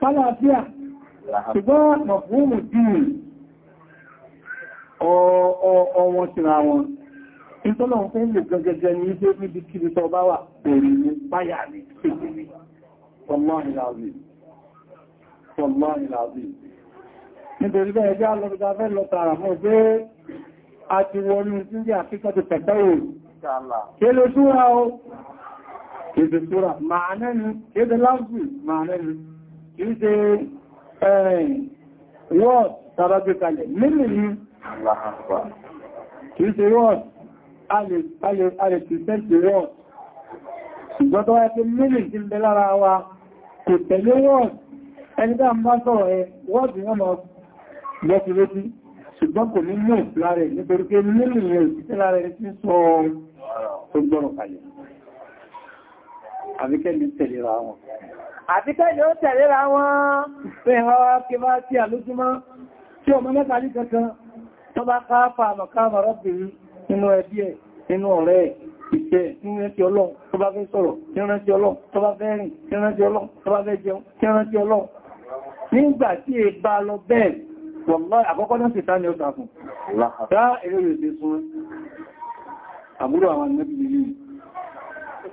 Fálàáfíà, ṣùgbọ́n mọ̀fúnmù dìí ọwọ́n síra wọn. Ìtọ́lọ̀ ń fún lè gẹ́gẹ́gẹ́ ní ilé níbi kiri tọ bá wà pẹ̀lú ní páyà ní ṣègbèrè. Tọ́lọ́ ìlàzí. Nítorí bẹ́ẹ̀ jẹ́ alọ́gbẹ́ta fẹ́ lọ tààrà fún ọjọ́ àti wọnú tí jẹ́ àfíkà ti tẹ̀tẹ̀wò kéde súra o kéde súra màánẹ́nu kéde láàrù màánẹ́nu kìí ṣe wọ́d tàbájú kalẹ̀ mílì ní kìí ṣe wọ́d alẹ́tìsẹ́ntì wọ́d ṣùgbọ́n tó wáyé pé mílì ti ń bẹ lára wa kò tẹ̀lé wọ́d ẹni dá ń bá ni wọ́n mọ̀ lọ́tí ṣùgbọ́n kò ní mú lára ẹ̀ nítorí pé nínú ìyẹn òtítẹ́ lára ẹ̀ tí ń sọ ọgbọ́rọ̀ kalẹ̀ àbíkẹ́lì tẹ̀lera wọn àbíkẹ́lì ó tẹ̀lera wọn pé ọ kí bá tí àlójúmọ́ tí ọmọ mẹ́ta ní kankan tó bá káàfà àmọ̀káàmọ̀ rọ́bìnrin nínú ẹbí ẹ̀ nínú ọ̀rẹ́ ẹ̀ ìṣẹ́ ìrántí ọlọ́run tó bá fẹ́ sọ̀rọ̀ ìrántí ọlọ́run tó bá fẹ́ rìn ìrántí ọlọ́run tó bá fẹ́ jẹun ìrántí ọlọ́run nígbà tí è bá lọ bẹ́ẹ̀ Wọ̀lá àkọ́kọ́ náà ṣètá ni ó sàfún. Dá eré rẹ̀ ṣe súnmọ́. Àbúrò àwọn ànábì lè yìí.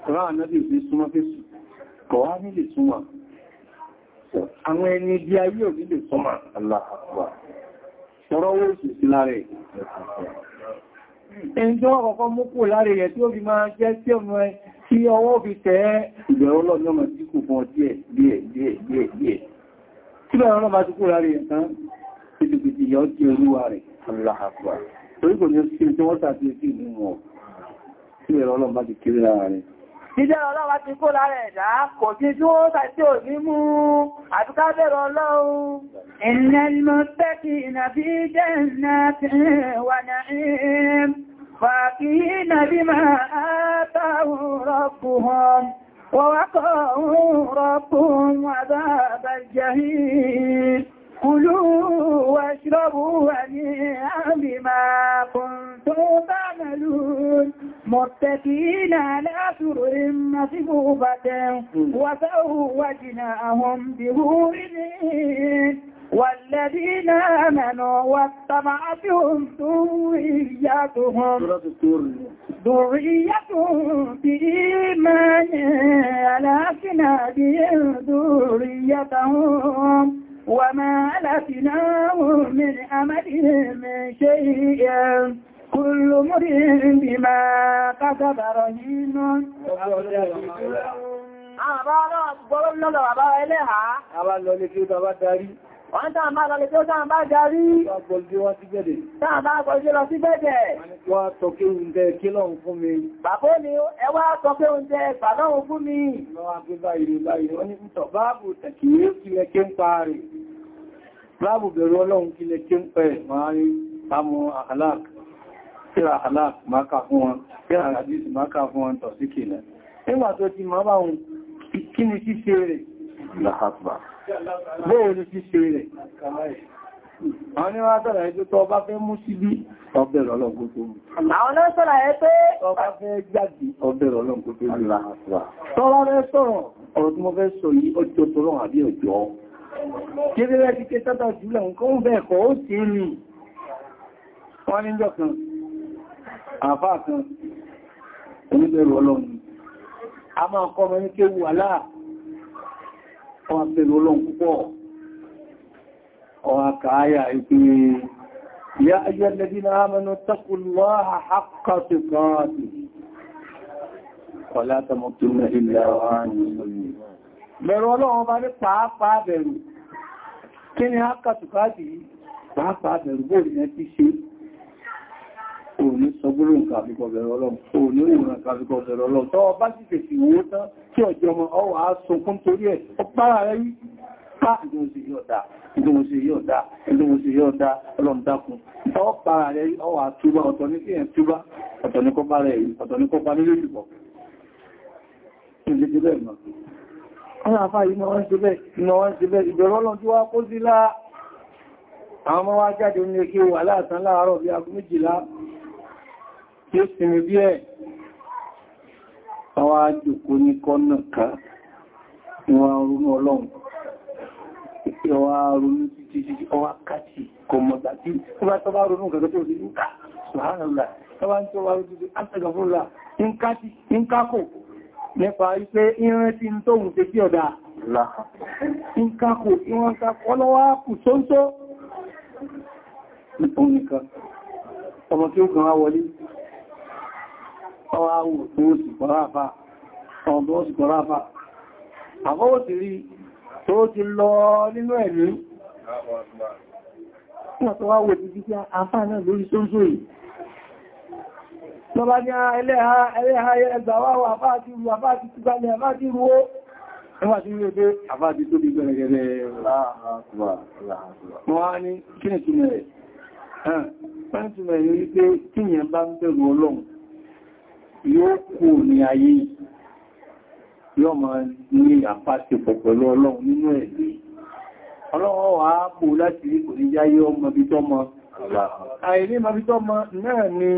Ọ̀rá ànábì ò ṣe súnmọ́ fèsù. Kọ̀wá ní lè súnmọ́. Àwọn ẹni bí ayé ò ní lè súnmọ́. Ọ̀rọ̀ owó sì sí lára ẹ̀. Ẹni tí wọ́n kọ̀kọ́ mú kù lára rẹ̀ tí ó fi máa jẹ́ tí ọmọ ẹ tí ọwọ́ fi tẹ́ ìbẹ̀rọ lọ́jọ́ mọ̀ sí fún ọ díẹ̀ díẹ̀ díẹ̀ díẹ̀ pìtìpìtì yọ jẹ́ olúwa rẹ̀ aláhàpá torí kò ní sí tí wọ́n tàbí sí ìlú wọn tí ẹ̀rọ ọlọ́run bá ti kiri lára rẹ̀ Jíjẹ́ ọlọ́wà ti kó lára ẹ̀dá kò sí tí ó tàbí ò ní mú àtúká bẹ̀rọ ọlọ́run. كلوا واشربوا هنيئا بما كنتم تعملون متكئين على سرر مصفوفة وزوجناهم بهور والذين آمنوا واتبعتهم ذريتهم ذريتهم بإيمان على سنابهم ذريتهم وما لفناه من أملهم شيئا كل مرئ بما كسب رهين Àwọn àbá ọlọ́wọ́ gbọ́rọ̀ lọ́lọ́wọ́ àbá ẹlẹ́hàá. Àbá lọ lè kí ó tọba darí. Wọ́n tàà máa lọ lè tí ó tàà bá jarí. Tàbí wọ́n ti gẹ́dẹ̀. Tàà bá gbọ́jú lọ sí gẹ́dẹ̀. Wọ́n tọ́ kí oúnjẹ kí lọ́run fún mi. Bàbá ni ẹ wá tọ́ pé oúnjẹ bà lọ́run fún mi. Lọ́wọ́ agbé báyìí báyìí, wọ́n ní ìtọ̀ báàbù tẹ̀kì ilẹ̀ kí ń parí. Báàbù bẹ̀rù ọlọ́run kí ilẹ̀ kí ń pẹ̀ máa rí támú àhàlák. Kíra àhàlák máa kà fún wọn, kíra àdìsì máa kà fún wọn tọ̀ sí kìlẹ̀. Nígbà tó ti máa bá wọn kí ni ṣíṣe rẹ̀? Láhàbà bóòlù ti ṣe rẹ̀ àwọn ni wọ́n tọ́rọ ẹgbẹ́ tó fẹ́ mú síbí ọbẹ̀rẹ̀ ọlọ́gbọ́ tó àwọn náà ẹ pé ọba fẹ́ jáde ọbẹ̀rẹ̀ ọlọ́gbọ́ tó mú rẹ sọ̀rọ̀ ọ̀rọ̀ tí mo fẹ́ sọ yìí ọjọ́ tó àbí ọjọ́ kéré wọ́n bèèrè olóhun púpọ̀ ọwọ́ kàáyà ìpé ya ayyá lẹ́dí na ámẹ́nu takùnlọ́ àhàkàtùkọ́tù kọlá tamọ́túnmẹ́ ilẹ̀ àwọn òní sọgbúrò nǹkan àfikọ̀ bẹ̀rẹ̀ ọlọ́run òní ìwòrán nǹkan àfikọ̀ bẹ̀rẹ̀ ọlọ́run tọ́wọ́ bá sì fèsì wó tán tí ọjọ́ ọmọ ọwọ́ á sunkún torí ẹ̀ ọpára rẹ̀ yí pa ìdóhùnsí yóò dá ìdóhùnsí yóò dá ìdóhùnsí yóò dá ọlọ́run dákun tọ́wọ́ para rẹ̀ yí ọwọ́ àtúbá ọ̀tọ̀ ní kí ẹ̀ túbá ọ̀tọ̀ ní kọ́pá rẹ̀ yí ọ̀tọ̀ ní kọ́pá nílé ìbọ̀ Àwọn afá yìí máa ń ṣe ọmọ wá jáde ní kí wà láàtán láàárọ̀ bí i yóò sinmi bí ẹ̀ àwọn àjòkó ní kọ́nà ká ìwọ̀n arúnú ọlọ́run ìwọ̀n arúnú títí ọwá kàtì kò mọ̀gbà tí ó bá tọ́bá ronú gẹ̀gẹ́ tó rí nǹkà ṣùhánàlá tọ́bá ń tọ́bá ronú títí àtẹ́gàfúnlá nǹkàkò nípa ipé irin tí ń tóhun tẹ́ kí ọ̀dá nǹkàkò ìwọ̀n kọlọ́wà kù tóńtó ọwá ti rí tó ti lọ nínú ẹ̀mí pàtó wá wò títí tí àfà náà lórí sóńsó yìí lọ́bá ní ah, ẹlẹ́ha ah, ah, ẹgbàwáwà àfà àti ìrù àfà àti ìtìgbàlẹ̀ àfà àti ìrù ó ẹwà tí ó pé àfà àti tó bí gbẹ̀rẹ̀gẹ̀rẹ̀ wọ́n ní kí yóò kú ní ayé yóò máa ní àpáṣepọ̀ pẹ̀lú ọlọ́run nínú ẹ̀mí ọlọ́run wà á kú láti rí kò ní yáyé ọmọ bí tọ́mọ àìrí ma bí tọ́mọ náà ni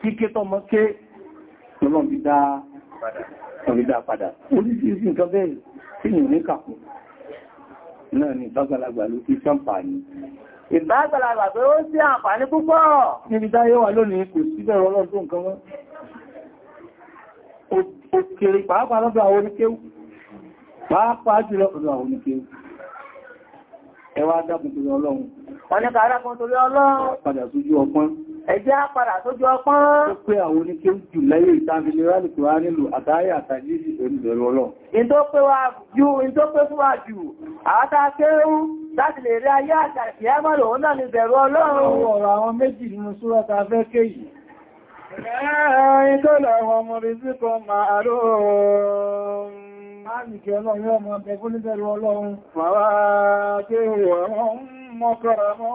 kíké tọ́mọ ké ọlọ́run bí dá padà oríṣiríṣi nǹkan bẹ́ẹ̀ tí yìí ní kàkùn náà ni ìbágbàlagbà ló fi sánpàní ìbágbàlagbà pé ó sí àǹfààní púpọ̀ níbi dáyé wà lónìí kò sí bẹ̀rọ ọlọ́run tó nǹkan òkèrè pàápàá lọ́dọ̀ àwọn oníkéwú pàápàá jùlọ ọ̀dọ̀ àwọn oníkéwú ẹwà dákùn torí ọlọ́run wọ́n ní kàárá kan torí ọlọ́run padà sójú ọpọ́n ẹjẹ́ padà sójú ọpọ́n ó pé àwọn oníkéwú jù láyé ìtàmìlera lè kòrá nílò àtàrí àtàjíjì olùbẹ̀rù ọlọ́run in tó pé fún wa jù àátá kéwú láti lè rí ayé àtàkì ẹmọ́ lòun Ẹ̀ẹ́kọ́ làwọn ọmọ rí sí kan máa rọrùn. Máa nìkẹ́ ọlọ́run ọmọ ọbẹ̀ fún níbẹ̀rù ọlọ́run. Màá wá kéèrè àwọn mọ́kànlá mọ́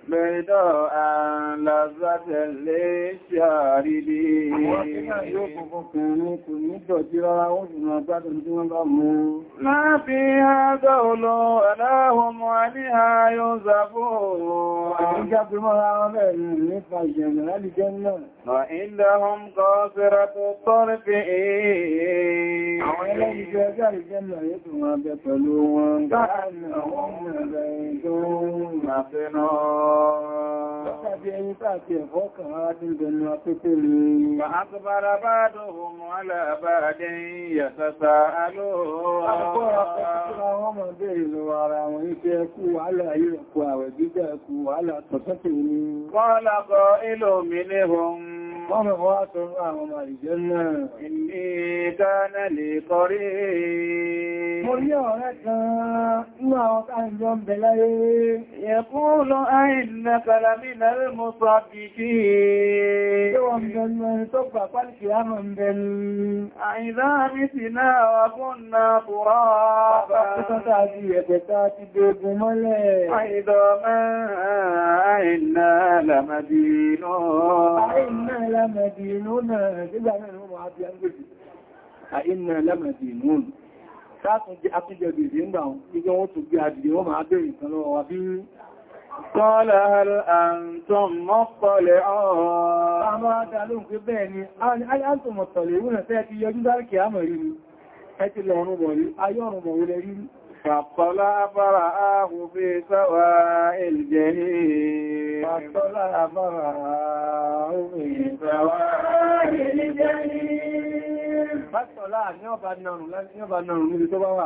بيضاء لذة للشاربين ما فيها قول ولا هم عنها ينزفون وإنهم قاصرة الطرف إيه Lọ́kàbí ẹni tàbí ẹ̀fọ́ kan rárá tí ń bẹnu apẹ́tẹ́ lè. Àkùbára bá dùn alábàádẹ́ yàtàtà alóòrò. Àkọ́ àpẹẹkùnra wọ́n mọ̀ bèèrè lọ ara wọn ní pé ẹkù wàhálà yìí ẹ̀kù àwẹ̀ gbígbà ẹkù wàhálà tọ̀tọ́tẹ̀ ní. Wọ́n lákọ̀ ìlò mi ní hun. Wọ́n mọ̀ wá sọ àwọn ọmọ ìjẹ́ náà. Ìní dáná lè kọrí. Mo rí ọ̀rẹ́ kan ní àwọn káàkiri ọmọ bẹ̀láyé. Yẹ̀kú lọ ayé innaka lamina al-musaddiqin. Ṣé wọ́n bẹ̀rẹ̀ ẹni tó gbà pálìkì ánà ń bẹ̀rẹ̀? Àìdá mi sì náà wà fún náà fúra. Pàtàkì àti ẹ̀pẹ̀ta ti dogun mọ́lẹ̀. Àìdá máa iná lámàdínú. Àìná lámàdínú náà, nígbà jẹ́ àtúnjẹ́ bèèrè ń gbà wọn, ibi wọ́n tún gbé àdìyẹ wọ́n máa bèèrè ìkan wa bí قال هل أنتم مطلعون أما تعلم كبيني هل أنتم مطلعون سيأتي يجب ذلك يا مريم أتي الله نبولي أيون مولي فاطلع فرآه في سواء الجحيم فاطلع فرآه في سواء الجحيم فاطلع ní ọba náà níbi tó bá wà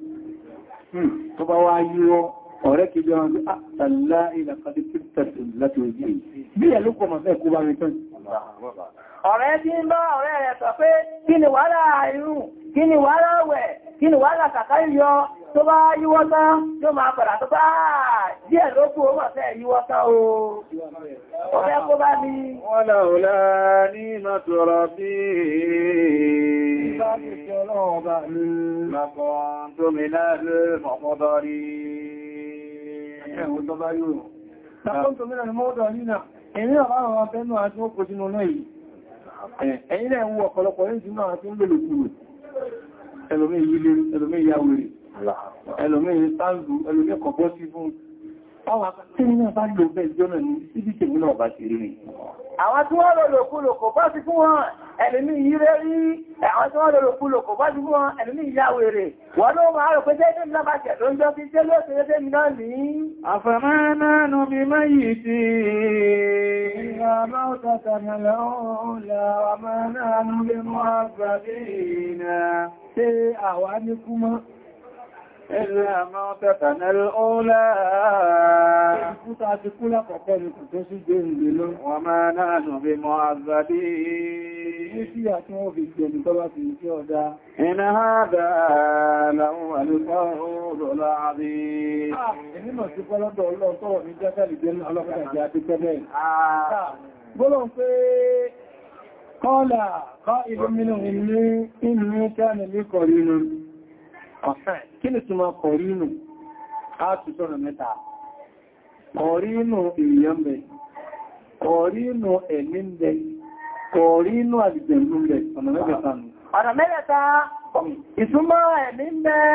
Hmm. tó bá wá yíwọ́ ọ̀rẹ́ kejì wọn àtàlá ìlàkàdé pípẹ̀tù láti ojú bí ẹ̀ ló pọ̀ mọ̀ fẹ́ kó bá mi tán ọ̀rẹ́ tí ń bá ọ̀rẹ́ rẹ̀ sọ pé kí ni wàhálà irun kí ni wàhálà wẹ̀ kí ni wàhálà kàkà yọ tó bá yíwọ́tá yóò máa padà tó bá díẹ̀ ló kú ó máa fẹ́ yíwọ́tá o ọ̀fẹ́ kó bá ní wọ́n láòlá ní mọ́tọ̀rọ̀ bí i bá ti ṣe ọlọ́wọ́ bá ní makon tó mi láàrín mọ̀kọ́dọ́rí ẹ̀wọ̀n tó bá yóò Ìyìn náà ń wọ ọ̀pọ̀lọpọ̀ ẹ̀yìn tí náà tí ń lè lòkúrò, ẹlòmí ìyílé, ẹlòmí ẹlòmí ìsáàlù ẹlòmí kò bọ́ sí fún ọwà tẹ́lẹ̀ náà bá lò bẹ́ẹ̀ jọ́nà ní síbí tèmi náà bá ti rí mi àwọn tí wọ́n lò lòkulò kò fún wọn ẹlòmí yìí rí àwọn tí wọ́n lò lòkulò kò fún wọn ẹlòmí ìyá wèrè wọ́n ló máa rò pé jẹ́ ìlú bá jẹ̀ lóúnjọ́ fi jẹ́ lóòsèré إلا موتتنا الأولى وما نحن بمعذبين إن هذا لهو القول العظيم Gbọ́lọ̀ pé kọ́lá kọ́ ìlú mínú ìlú ìlú kẹ́ nìlú kọ̀ nínú. Kí ni túnmọ̀ kọ̀rínù? A ti sọ́nà mẹ́ta. Kọ̀rínù èèyàn bẹ̀, kọ̀rínù ẹ̀mí bẹ̀, kọ̀rínù àdìjẹ̀mú bẹ̀, ọ̀nà mẹ́ta nù. Ọ̀nà mẹ́ta, ìsúnmọ́ ẹ̀mí bẹ̀,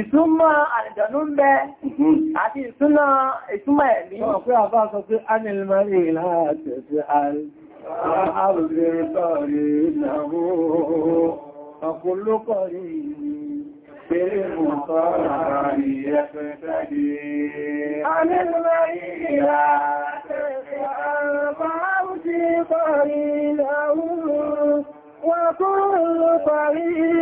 ìsúnmọ́ àdìjẹ̀mú bẹ̀, mm-hmm. àti ìsúnmọ́ ẹ̀mí. Ọ̀pẹ́ àbá sọ بالمصالحة يقتدي عن المعيلة فأمشي قليله وكل قليل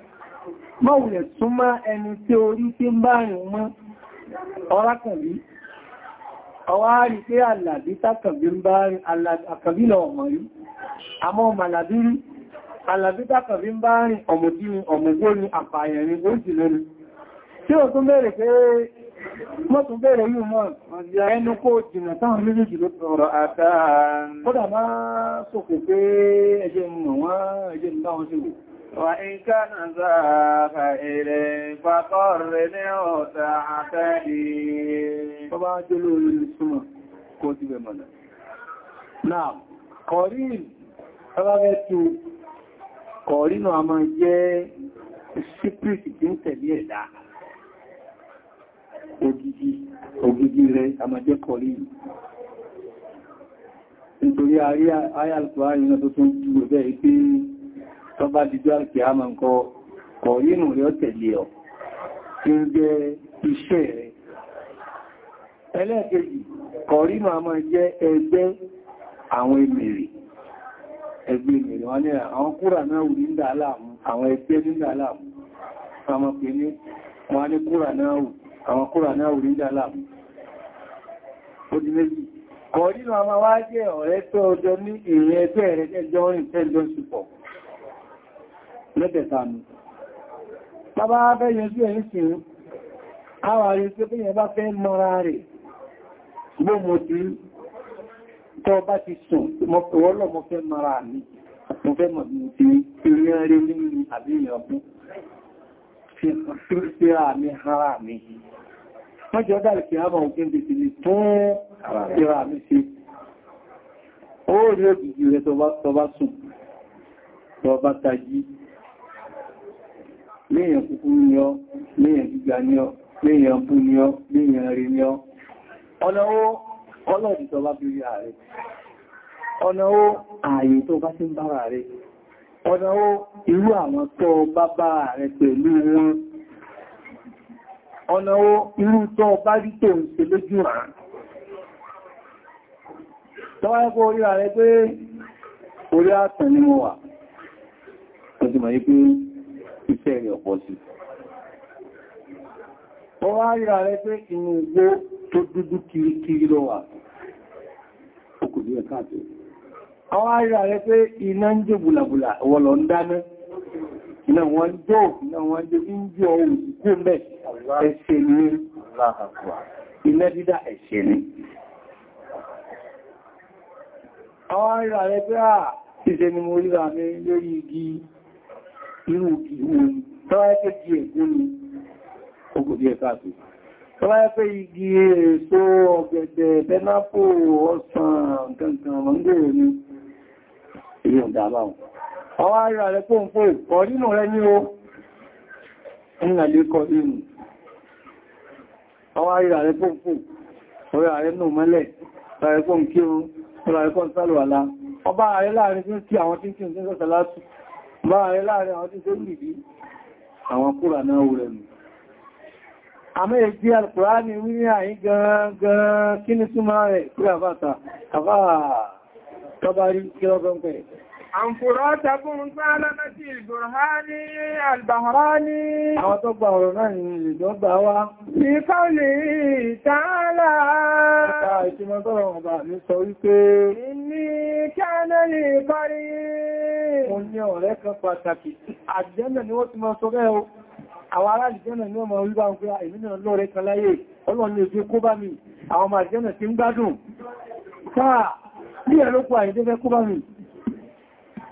mọ́wùlẹ̀ súnmọ́ ẹni tí orí tí ń bá rìn mọ́ ọlákànlí ọwá rí pé àlàbí tàkànbí ń bá rìn àkànbí lọ ọmọ rí àmọ́ ọmọ àlàbí rí àlàbí tàkànbí ń bá rìn ọmọdé ọmọgbó ni àpàyẹ̀rin ó sì lónìí tí ó tún bẹ̀rẹ̀ pé wọ́n tún bẹ̀rẹ̀ yìí mọ́ ẹnu kó jìnà táwọn méjèèjì ló tọrọ àtàà kódà máa sókè pé ẹjẹ́ mọ̀ wọ́n ẹjẹ́ mọ̀ wọ́n sí وإن كان ذا فإليه فقر له تعتدي فبعدل السماء كتب منا نعم قرين ọlọ́rẹ́tù kọ̀ọ̀rínà a máa jẹ́ sípírìtì tí ń tẹ̀lé ẹ̀dá ògidì ògidì rẹ̀ a máa jẹ́ kọ̀ọ̀rínà nítorí ayé alùpàá ìrìnà tó tún jù ẹ̀bẹ́ ìpé tó bá dìjọ́ àti àmà ń kọ kọ̀ yínú rẹ̀ tẹ̀lé ọ̀ tí ó jẹ́ iṣẹ́ rẹ̀ ẹlẹ́ẹ̀kejì kọ̀rínù a máa jẹ́ ẹgbẹ́ àwọn emèrè ẹgbẹ́ emèrè wọ́n ní àwọn kúrà náà wù nígbà aláàmù àwọn ẹgbẹ́ nígbà aláàmù àwọn pè ní wọ́n ní kúrà náà wù àwọn kúrà náà wù nígbà aláàmù ó di ọ̀rẹ́ tó ọjọ́ ní ìrìn ẹgbẹ́ rẹ̀ jẹ́ jọ́rin tẹ́jọ́ sípọ̀ lẹ́tẹ̀ta nù bàbá fẹ́ yẹnjú ẹ̀yìn sí rú àwàrí pé bí yẹn bá fẹ́ mọ́ra rẹ̀ bó mo ti tọ́ bá ti sùn wọ́lọ̀ mo fẹ́ mọ́ra mi mo fẹ́ mọ̀ mi ti rí rí ní àbí ìyọ̀kú fi ra mi hara mi mọ́jọ́ dáre ó rí ògìgì rẹ̀ tọ́ sùn tọ́ tají léèyàn kúkúrú ni ọ́ léèyàn gíga ni ọ́ léèyàn bú ni ọ́ léèyàn rí ni ọ́ ọ̀nà ó ọlọ́dì tó bá bírí ààrẹ ọ̀nà ó ààyè tó bá ti ń bára rẹ̀ ọ̀nà ó irú àwọn tó bá bá rẹ̀ pẹ̀lú wọn ọ̀nà ó irú tó bá rí tó ń ṣe lójú rán tọ́wọ́ ẹ̀kọ́ orí ààrẹ pé orí àtàn ni iṣẹ́ rẹ̀ ọ̀pọ̀ sí ọ wá ríra rẹ pé inú igbó tó dúdú kirikiri lọ wà okùnrin ẹ̀ká àti ọ wá ríra rẹ pé iná ń jò bùlàbùlà wọ́lọ̀ ń dáná iná wọn jò iná wọn jò ń jò ohun ìkú mẹ́ ẹ̀ṣẹ̀ ni iná dídá ẹ̀ṣẹ̀ ni ọ wá ríra rẹ pé à ìṣẹ́ ni mo ríra mi lórí igi irú igi èso ọ̀gẹ̀dẹ̀ pẹ́nápò ọsàn gangan mọ́ndèrè ni èyí ọ̀dàbáwọn ọwá ara rẹ̀ pò ń pò nínú rẹ̀ ní o ńlẹ̀lẹ́kọ̀ nínú ọwá ara rẹ̀ pò ń orí ààrẹ náà mẹ́lẹ̀ ọ̀rẹ́kọ́ ń kírun máa rẹ láàrin àwọn tí ó ń bìbí àwọn kúrà náà wùrẹ̀ nù àmọ́ èdè alkùránì wí ní àyí gan-an kí ní súnmọ́ rẹ̀ kúrà bàtà àbáà tọ́bárí kí lọ́gbọ́n pẹ̀lẹ̀ Àǹfùrọ́tàkùn sáàlámẹ́tì ìgbòròhání àlbàhárání. Àwọn tó gba ọ̀rọ̀ náà ni ìjọba wá. Ní kọ́lì ìtààlà. Ọ̀ta ìtumọ̀ tọ́rọ ọ̀bà ní sọ wípé. Ní kánẹ́lì parí. Mo ní ọ̀rẹ́ kan ni wọ́n ti máa sọ rẹ̀ ni wọ́n máa wípá ń pé ìmìnà ah, lọ́rẹ́ kan láyé. Ọlọ́run lè fi kó bá mi. Àwọn ọmọ àjẹ́mẹ̀ ti ń kó bá mi.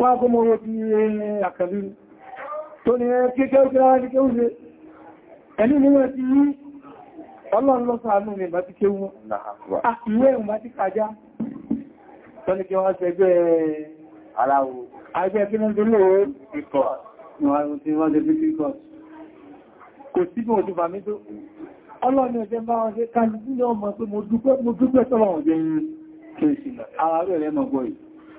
wọ́n kó mọ́ ti eh, àkàlìrì tó ní kéèkéé eh, kí wọ́n ti kéwú ṣe ẹni ní ti yí ọlọ́run ló ṣàánú ní bá ti kéwú ìwé ẹ̀hùn bá ti kàjá tó ní kí wọ́n ṣe ẹgbẹ́ eh, aláwò agbẹ́ kí wọ́n ti lóòó ikọ̀ kò sí bí wọ́n ti bà mí tó ọlọ́run ẹ̀jẹ́ bá wọn ṣe kájú sí ọmọ pé mo dúpẹ́ tọ́lọ̀ ọ̀jẹ́ yìí kí ó sì lọ ara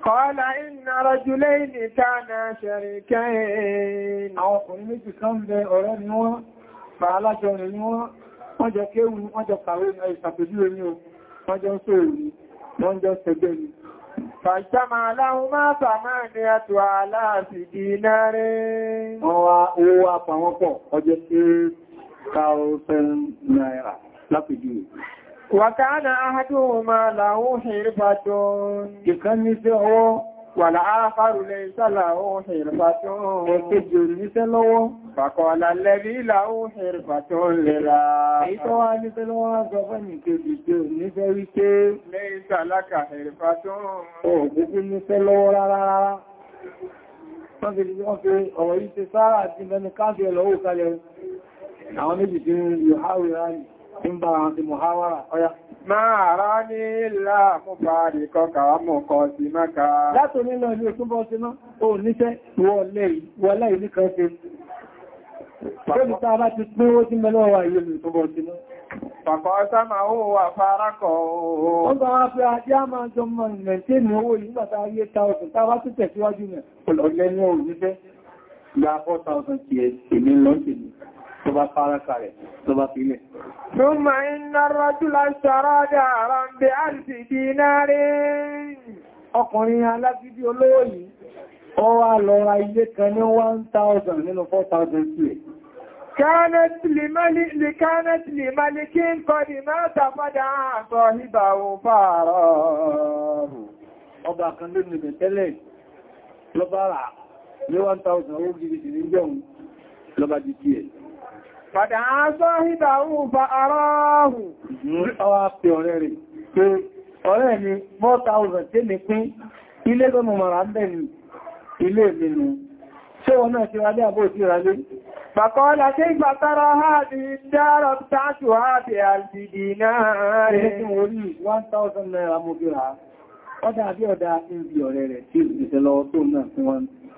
قال إن رجلين كانا شريكين أو قلت كم ذي أرنوا فعلا جنوا وجا كيوني وجا قوين أي سبجوني وجا سوري وجا سبجوني فاجتمع لهما ثمانية آلاف دينار هو هو فمقو وجا 8,000 نايرا لا تجيب Wàkánà ahadúhùmá làwọn hìrìbàdùn. Ìkan ní sí ọwọ́, wà láàfàrù lè sálàwọn hìrìbàdùn. Ẹkejì ò ní sẹ́ lọ́wọ́, fàkọ̀ọ̀lá lẹ́rí làwọn hìrìbàdùn lera. Èyí tó wá ní sẹ́ lọ́wọ́ sọ fẹ́ nìkejì tí ò ní Ìgbà àwọn ti Mùháwárà, ọya. Máa rá ní ìlà múfàárì kọkà mọ́kọ sí mẹ́ka. Látò nílò ilé túnbọ́ sí náà, ó níṣẹ́ wọlé ìníkan ṣe. Kébùta bá ti pín ó sí mẹ́lọ́wà ìlú ìtúnbọ̀ sí náà. Pàpọ̀ ọ̀sá máa ó wà fárákọ̀ ooo. Ó bá wá pé tó bá fáraka rẹ̀ tó bá filẹ̀. Súnmà iná rọ́júlá ṣọ́rọ́dà àrọ̀m̀bẹ̀ àìsì bí náàrí. Ọkùnrin alágídí olówó yìí, ó wá lọ ra ilé kan ní 1,000 nínú 4,000 sílẹ̀. Kánẹ́tì lè málikí ń kọ́ di mẹ́ta padà àtọ̀ ìbàwò fàárọ̀. Ọba kan ló nìbẹ̀ tẹ́lẹ̀ lọ́bára ní 1,000 ó gidi sí ní jẹun lọ́bá di díẹ̀. Fàdà àṣọ́ ìdà òun fa ara ọ̀hùn. Ọwá pè ọ̀rẹ́ rẹ̀ pé ọ̀rẹ́ mi 4,000 tí mi pín ilé tó mú mara ń bẹ̀ ní ilé mi nù. Ṣé wọn náà ti rálé àbó ti rálé? Bàkọ́ọ́lá tí ìgbà tára ha di dárọ̀ táṣù ha ti àdìdì náà rẹ̀. Ṣé mo rí 1,000 naira mo fi rà á? Ọdá àbí ọ̀dá ń bí ọ̀rẹ́ rẹ̀ tí ìṣẹ́lọ tó náà fún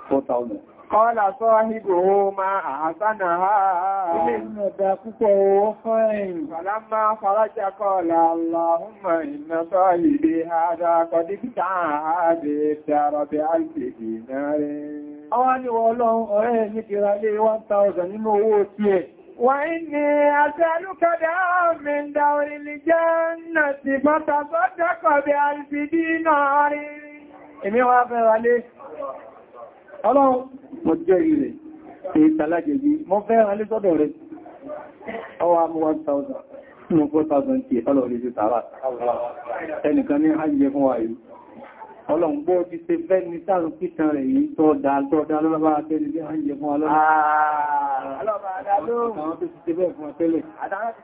1,000. Kọ́lá sọ ahìbò máa àásánà ha. Ilé ìrìnà ọ̀dá púpọ̀ owó fẹ́yìn. Fàlámá farájá kọ́lá Allahumma iná sọ ìdí ha dákọ̀ díkítà àádé dára bí alìkèdè náà rẹ̀. Ọwá ni wọ́n lọ́run ọ̀rẹ́ ní kìrà lé 1,000 nínú owó tí ẹ̀. وإني أسألك دعاء من دور الجنة فتصدق بألف دينار إمي وافر عليه ọlọ́run mo jẹ́ ilẹ̀ èyí tàlájẹ̀bí mọ́ fẹ́ràn alẹ́ sọ́dọ̀ rẹ̀ ọwọ́ amú 1000 mú 4000 tí ọlọ́rẹ̀ sí tààrà ẹnìkan ní ajẹ́ fún wa ọlọ́ngbọ́ ti ṣe fẹ́ ní sáàrùn pìtàn rẹ̀ yìí tọ́ da lọ́lọ́bá tẹ́lẹ̀ bí wọ́n fún ọlọ́run. Ah, Ọlọ́bà adájọ́. Àwọn tó ti ṣe bẹ́ẹ̀ fún ọtẹ́lẹ̀. Àtàwọn ti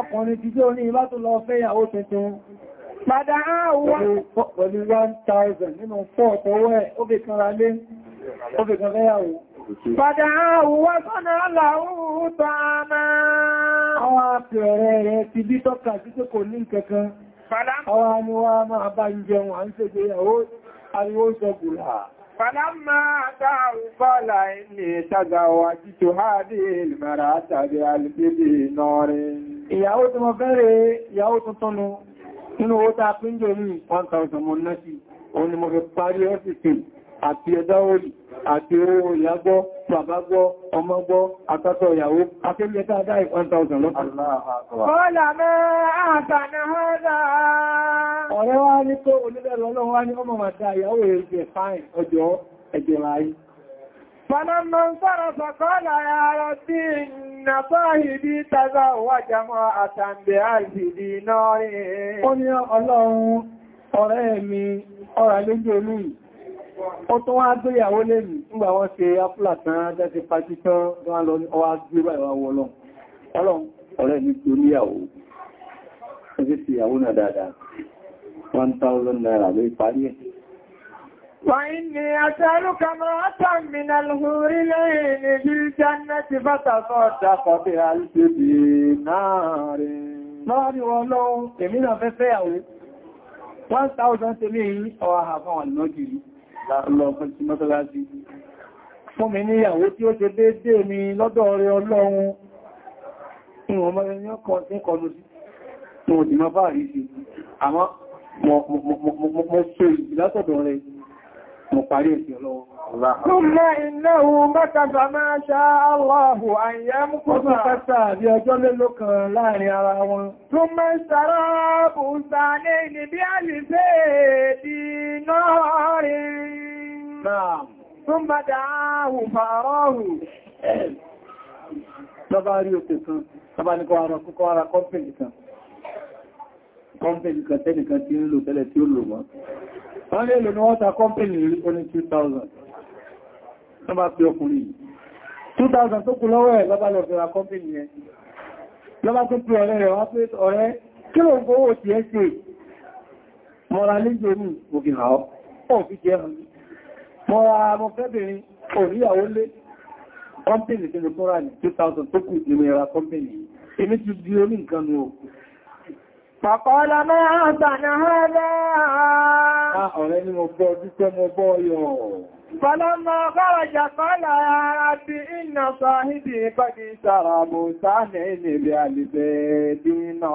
Ọkùnrin ti jẹ́ oní ìbá tó lọ fẹ́yàwó tuntun. Padà áwọ́ pẹ̀lú 1,000 nínú 4 tọwọ́ ẹ̀, ó fi kan ra lé, ó fi kan lẹ́yàwó. Padà áwọ́ sọ́nà aláwọ̀ tó àmà. Àwọn apẹ̀rẹ̀ rẹ̀ ti bí tọ́ka sí pé kò ní kankan. Àwọn aniwá máa bá ń jẹun, à ń ṣe gbéyàwó, ariwo sọgùlà. Fàlámà àtàrù fọ́lá ilé ìtagbàwà jíjò ha dé ìlmàrà àtàrí alìbébè náà rẹ̀. Ìyàwó tó mọ fẹ́rẹ̀ ìyàwó tuntun nù nínú owó tàà pín jò ní 1000 mọ̀ náà sí òun ni mo fi parí ọ́sìsì àti ẹ̀dá orí àti owó ìyàgbọ́ bàbágbọ́ ọmọgbọ́ àtàtọ̀ ìyàwó akẹ́lẹ̀ tààdá 1000 lọ́pàá فلما انصرف قال يا ربي إن صاحبي تزوج امرأة بألف دينار Ó ní Ọlọ́run ọ̀rẹ́ mi ọ̀rà lójú omi. Ó tó wá gbé ìyàwó lè mi nígbà wọ́n ṣe ápùlà tán jẹ́sí pàtítọ́ wọ́n lọ ní ọwá gbé bá ìwà wọ́ Ọlọ́run ọ̀rẹ́ mi tó níyàwó. Ó sì ìyàwó náà dáadáa. 1,000 naira ló parí ẹ̀. وإني أسألك امرأة من الهور العين في الجنة فتصدق بألف دينار Máàrí wọn lọ́wọ́, èmi náà fẹ́ fẹ́ àwẹ́. 1,000 tèmi yìí, ọwà àfọn wà lọ́jì yìí, lọ́pọ̀ tí mọ́tọ́lá sí. Fún mi níyàwó tí ó ṣe dédé mi lọ́dọ̀ rẹ Ọlọ́run, ìwọ̀n mọ́ ẹni ọkọ̀ tí kọlu sí, tó dì mọ́ bá rí sí. Àmọ́, mo ṣe ìlátọ̀dọ̀ rẹ̀ mo parí èsì ọlọ́wọ́. Túnmọ́ ináwó mẹ́kàbà máa ṣá Allahu àyẹ́mú kó tún pẹ́sà bí ọjọ́ lélò kan láàrin ara wọn. Túnmọ́ ìṣàrá bùsà ní ìní bí a lè fẹ́ èdè rí. Túnmọ́ wọ́n lè lò ní wọ́n ta kọ́mpìnì rí ó ní 2000 tó bá fi ọkùnrin 2000 tó kù lọ́wọ́ ẹ̀ lọ́bá lọ fẹ́ra kọ́mpìnì yẹn lọ́bá tó pí ọ̀rẹ́ rẹ̀ wá pé ọ̀rẹ́ kí ló ń fowó ti ẹ́ ṣe mọ́ra léjò ní òkè àọ́ ọ̀ fi jẹ́ hàn mọ́ra mọ́ fẹ́bìnrin òníyàwó lé kọ́mpìnì tí mo tó rà ní 2000 tó kù ìmọ̀ ìra kọ́mpìnì èmi ti di orí nǹkan nù òkú Fàkọ́lá máa tànà hádá. Ọ̀rẹ́ ni mo bọ́ dúpẹ́ mo bọ́ yọ. Fọ́lọ́mọ ọgọ́rọ̀ jàkọ́lá ara bí iná sọ́hídì kọ́dí sára mú sáàmì ìnìlẹ̀ àlìbẹ̀ dínà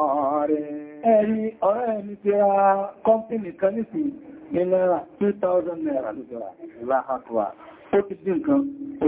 rẹ̀. Ẹni ọ̀rẹ́ mi ti ra kọ́mpínì kan nìsìn ní náírà 2,000 naira lójọ́ra ìlà àkọwà. Ó ti dín nǹkan, ó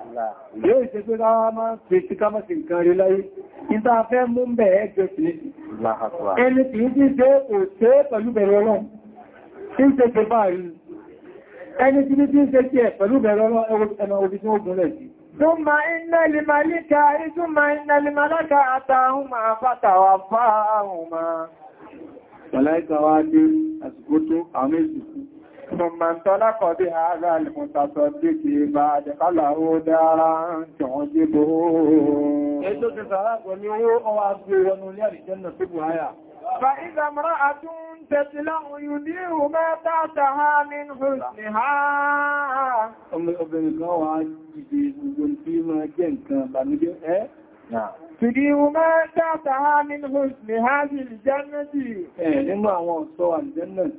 Yóò ṣe pé káwàá máa ṣe tí ká máa ṣe nǹkan rí láyé, ìta fẹ́ mú bẹ̀ ẹgbẹ̀ sí ní. Ẹni kìí tí ṣe kò ṣe pẹ̀lú bẹ̀rẹ̀ ọlọ́run, tí ń ṣe ṣe bá rí. Ẹni tí ní tí ń ṣe tí ẹ̀ pẹ̀lú bẹ̀rẹ̀ ọlọ́run ẹ̀nà òbí tí ó gúnlẹ̀ sí. Súnmà iná limalíka, ìsúnmà iná limalaka àtàhùn máa fàtàwà fáàrùn máa. Màláìkà wá dé àsìkò tó àmì ìsìnkú. ثم انطلق بهذا المتصدق بعد خلعه دارا تعجبه فإذا امرأة تتلع يدير ما تحتها من حسنها Tìdíwú máa dáta ha nínú hùsùn ní ha sí ìjẹ́ náà jì. Ẹ̀ nínú àwọn ọ̀ṣọ́ àìjẹ́ náà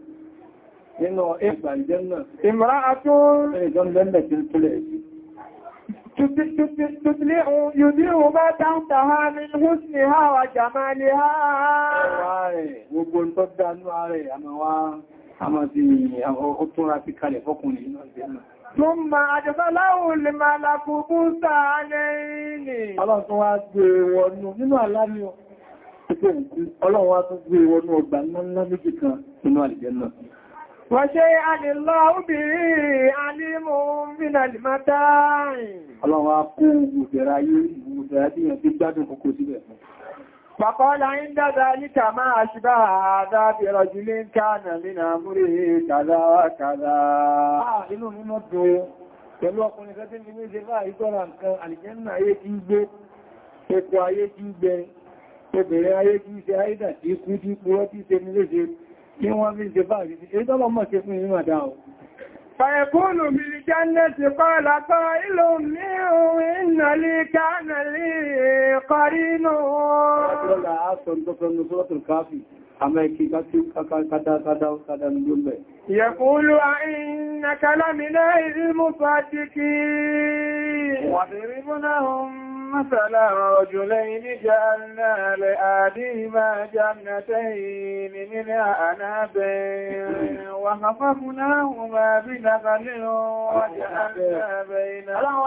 nínú ìgbàlẹ̀ náà. Ìmọ̀rá àtún ẹ̀jọ́ lẹ́mẹ̀ tí ó túlẹ̀. Yùdí òun bá dáúta ha ní húsni ha wà jàmálì ha. Ẹwà rẹ̀, gbogbo tó dánú rẹ̀, àmàwà, àmàdì, ó tún ra fi kalẹ̀ fọ́kùnrin náà jẹ́ náà. Túnmà àjẹ́fẹ́láwò lè máa lákò búta lẹ́yìnì. Ọlọ́run wá gbé wọnú nínú àlárí Ọlọ́run wá tún gbé wọnú ọgbà náà méjì kan nínú àlìjẹ́ náà. Wọ́ṣẹ́ àlèlọ́ obìnrin alímọ̀ mínà lè máa dáàrin. Ọlọ́run a kú ìgbẹ̀rẹ̀ ayé ìgbẹ̀rẹ̀ tí yẹn ti gbádùn kòkó sílẹ̀. Bàbá ọlá ń dáadáa níta máa ṣíbá àádábì ẹrọjú lé ń káànà mínà múrí kàdá kàdá. Ah, inú nínú dùn pẹ̀lú ọkùnrin fẹ́ tí ń fi ní ṣe báyìí tọ́ra nǹkan àlìjẹ́nà ayé tí ń gbé, epo ayé tí ń gbẹ, obìnrin ayé tí ń ṣe àìdà tí kú tí púrọ́ tí ṣe ní léṣe ní wọ́n fi ṣe fàárí sí èyí tọ́lọ mọ̀ ṣe fún ìrìnmà dáa fàyẹ̀kúnù bí i jẹ́ ti kọ́lá tọ́ ìlú ní ohun iná lè káànà lè kọrí nù Yẹ̀kúlú àìyàn kálàmìnà ìrìnmù fàájíkì, wà مثلا رجلين جعلنا لآدهما جنتين من أعناب وخففناهما بنقل وجعلنا بينهما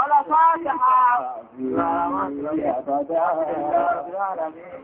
Ọlọ́pàá ṣe ha.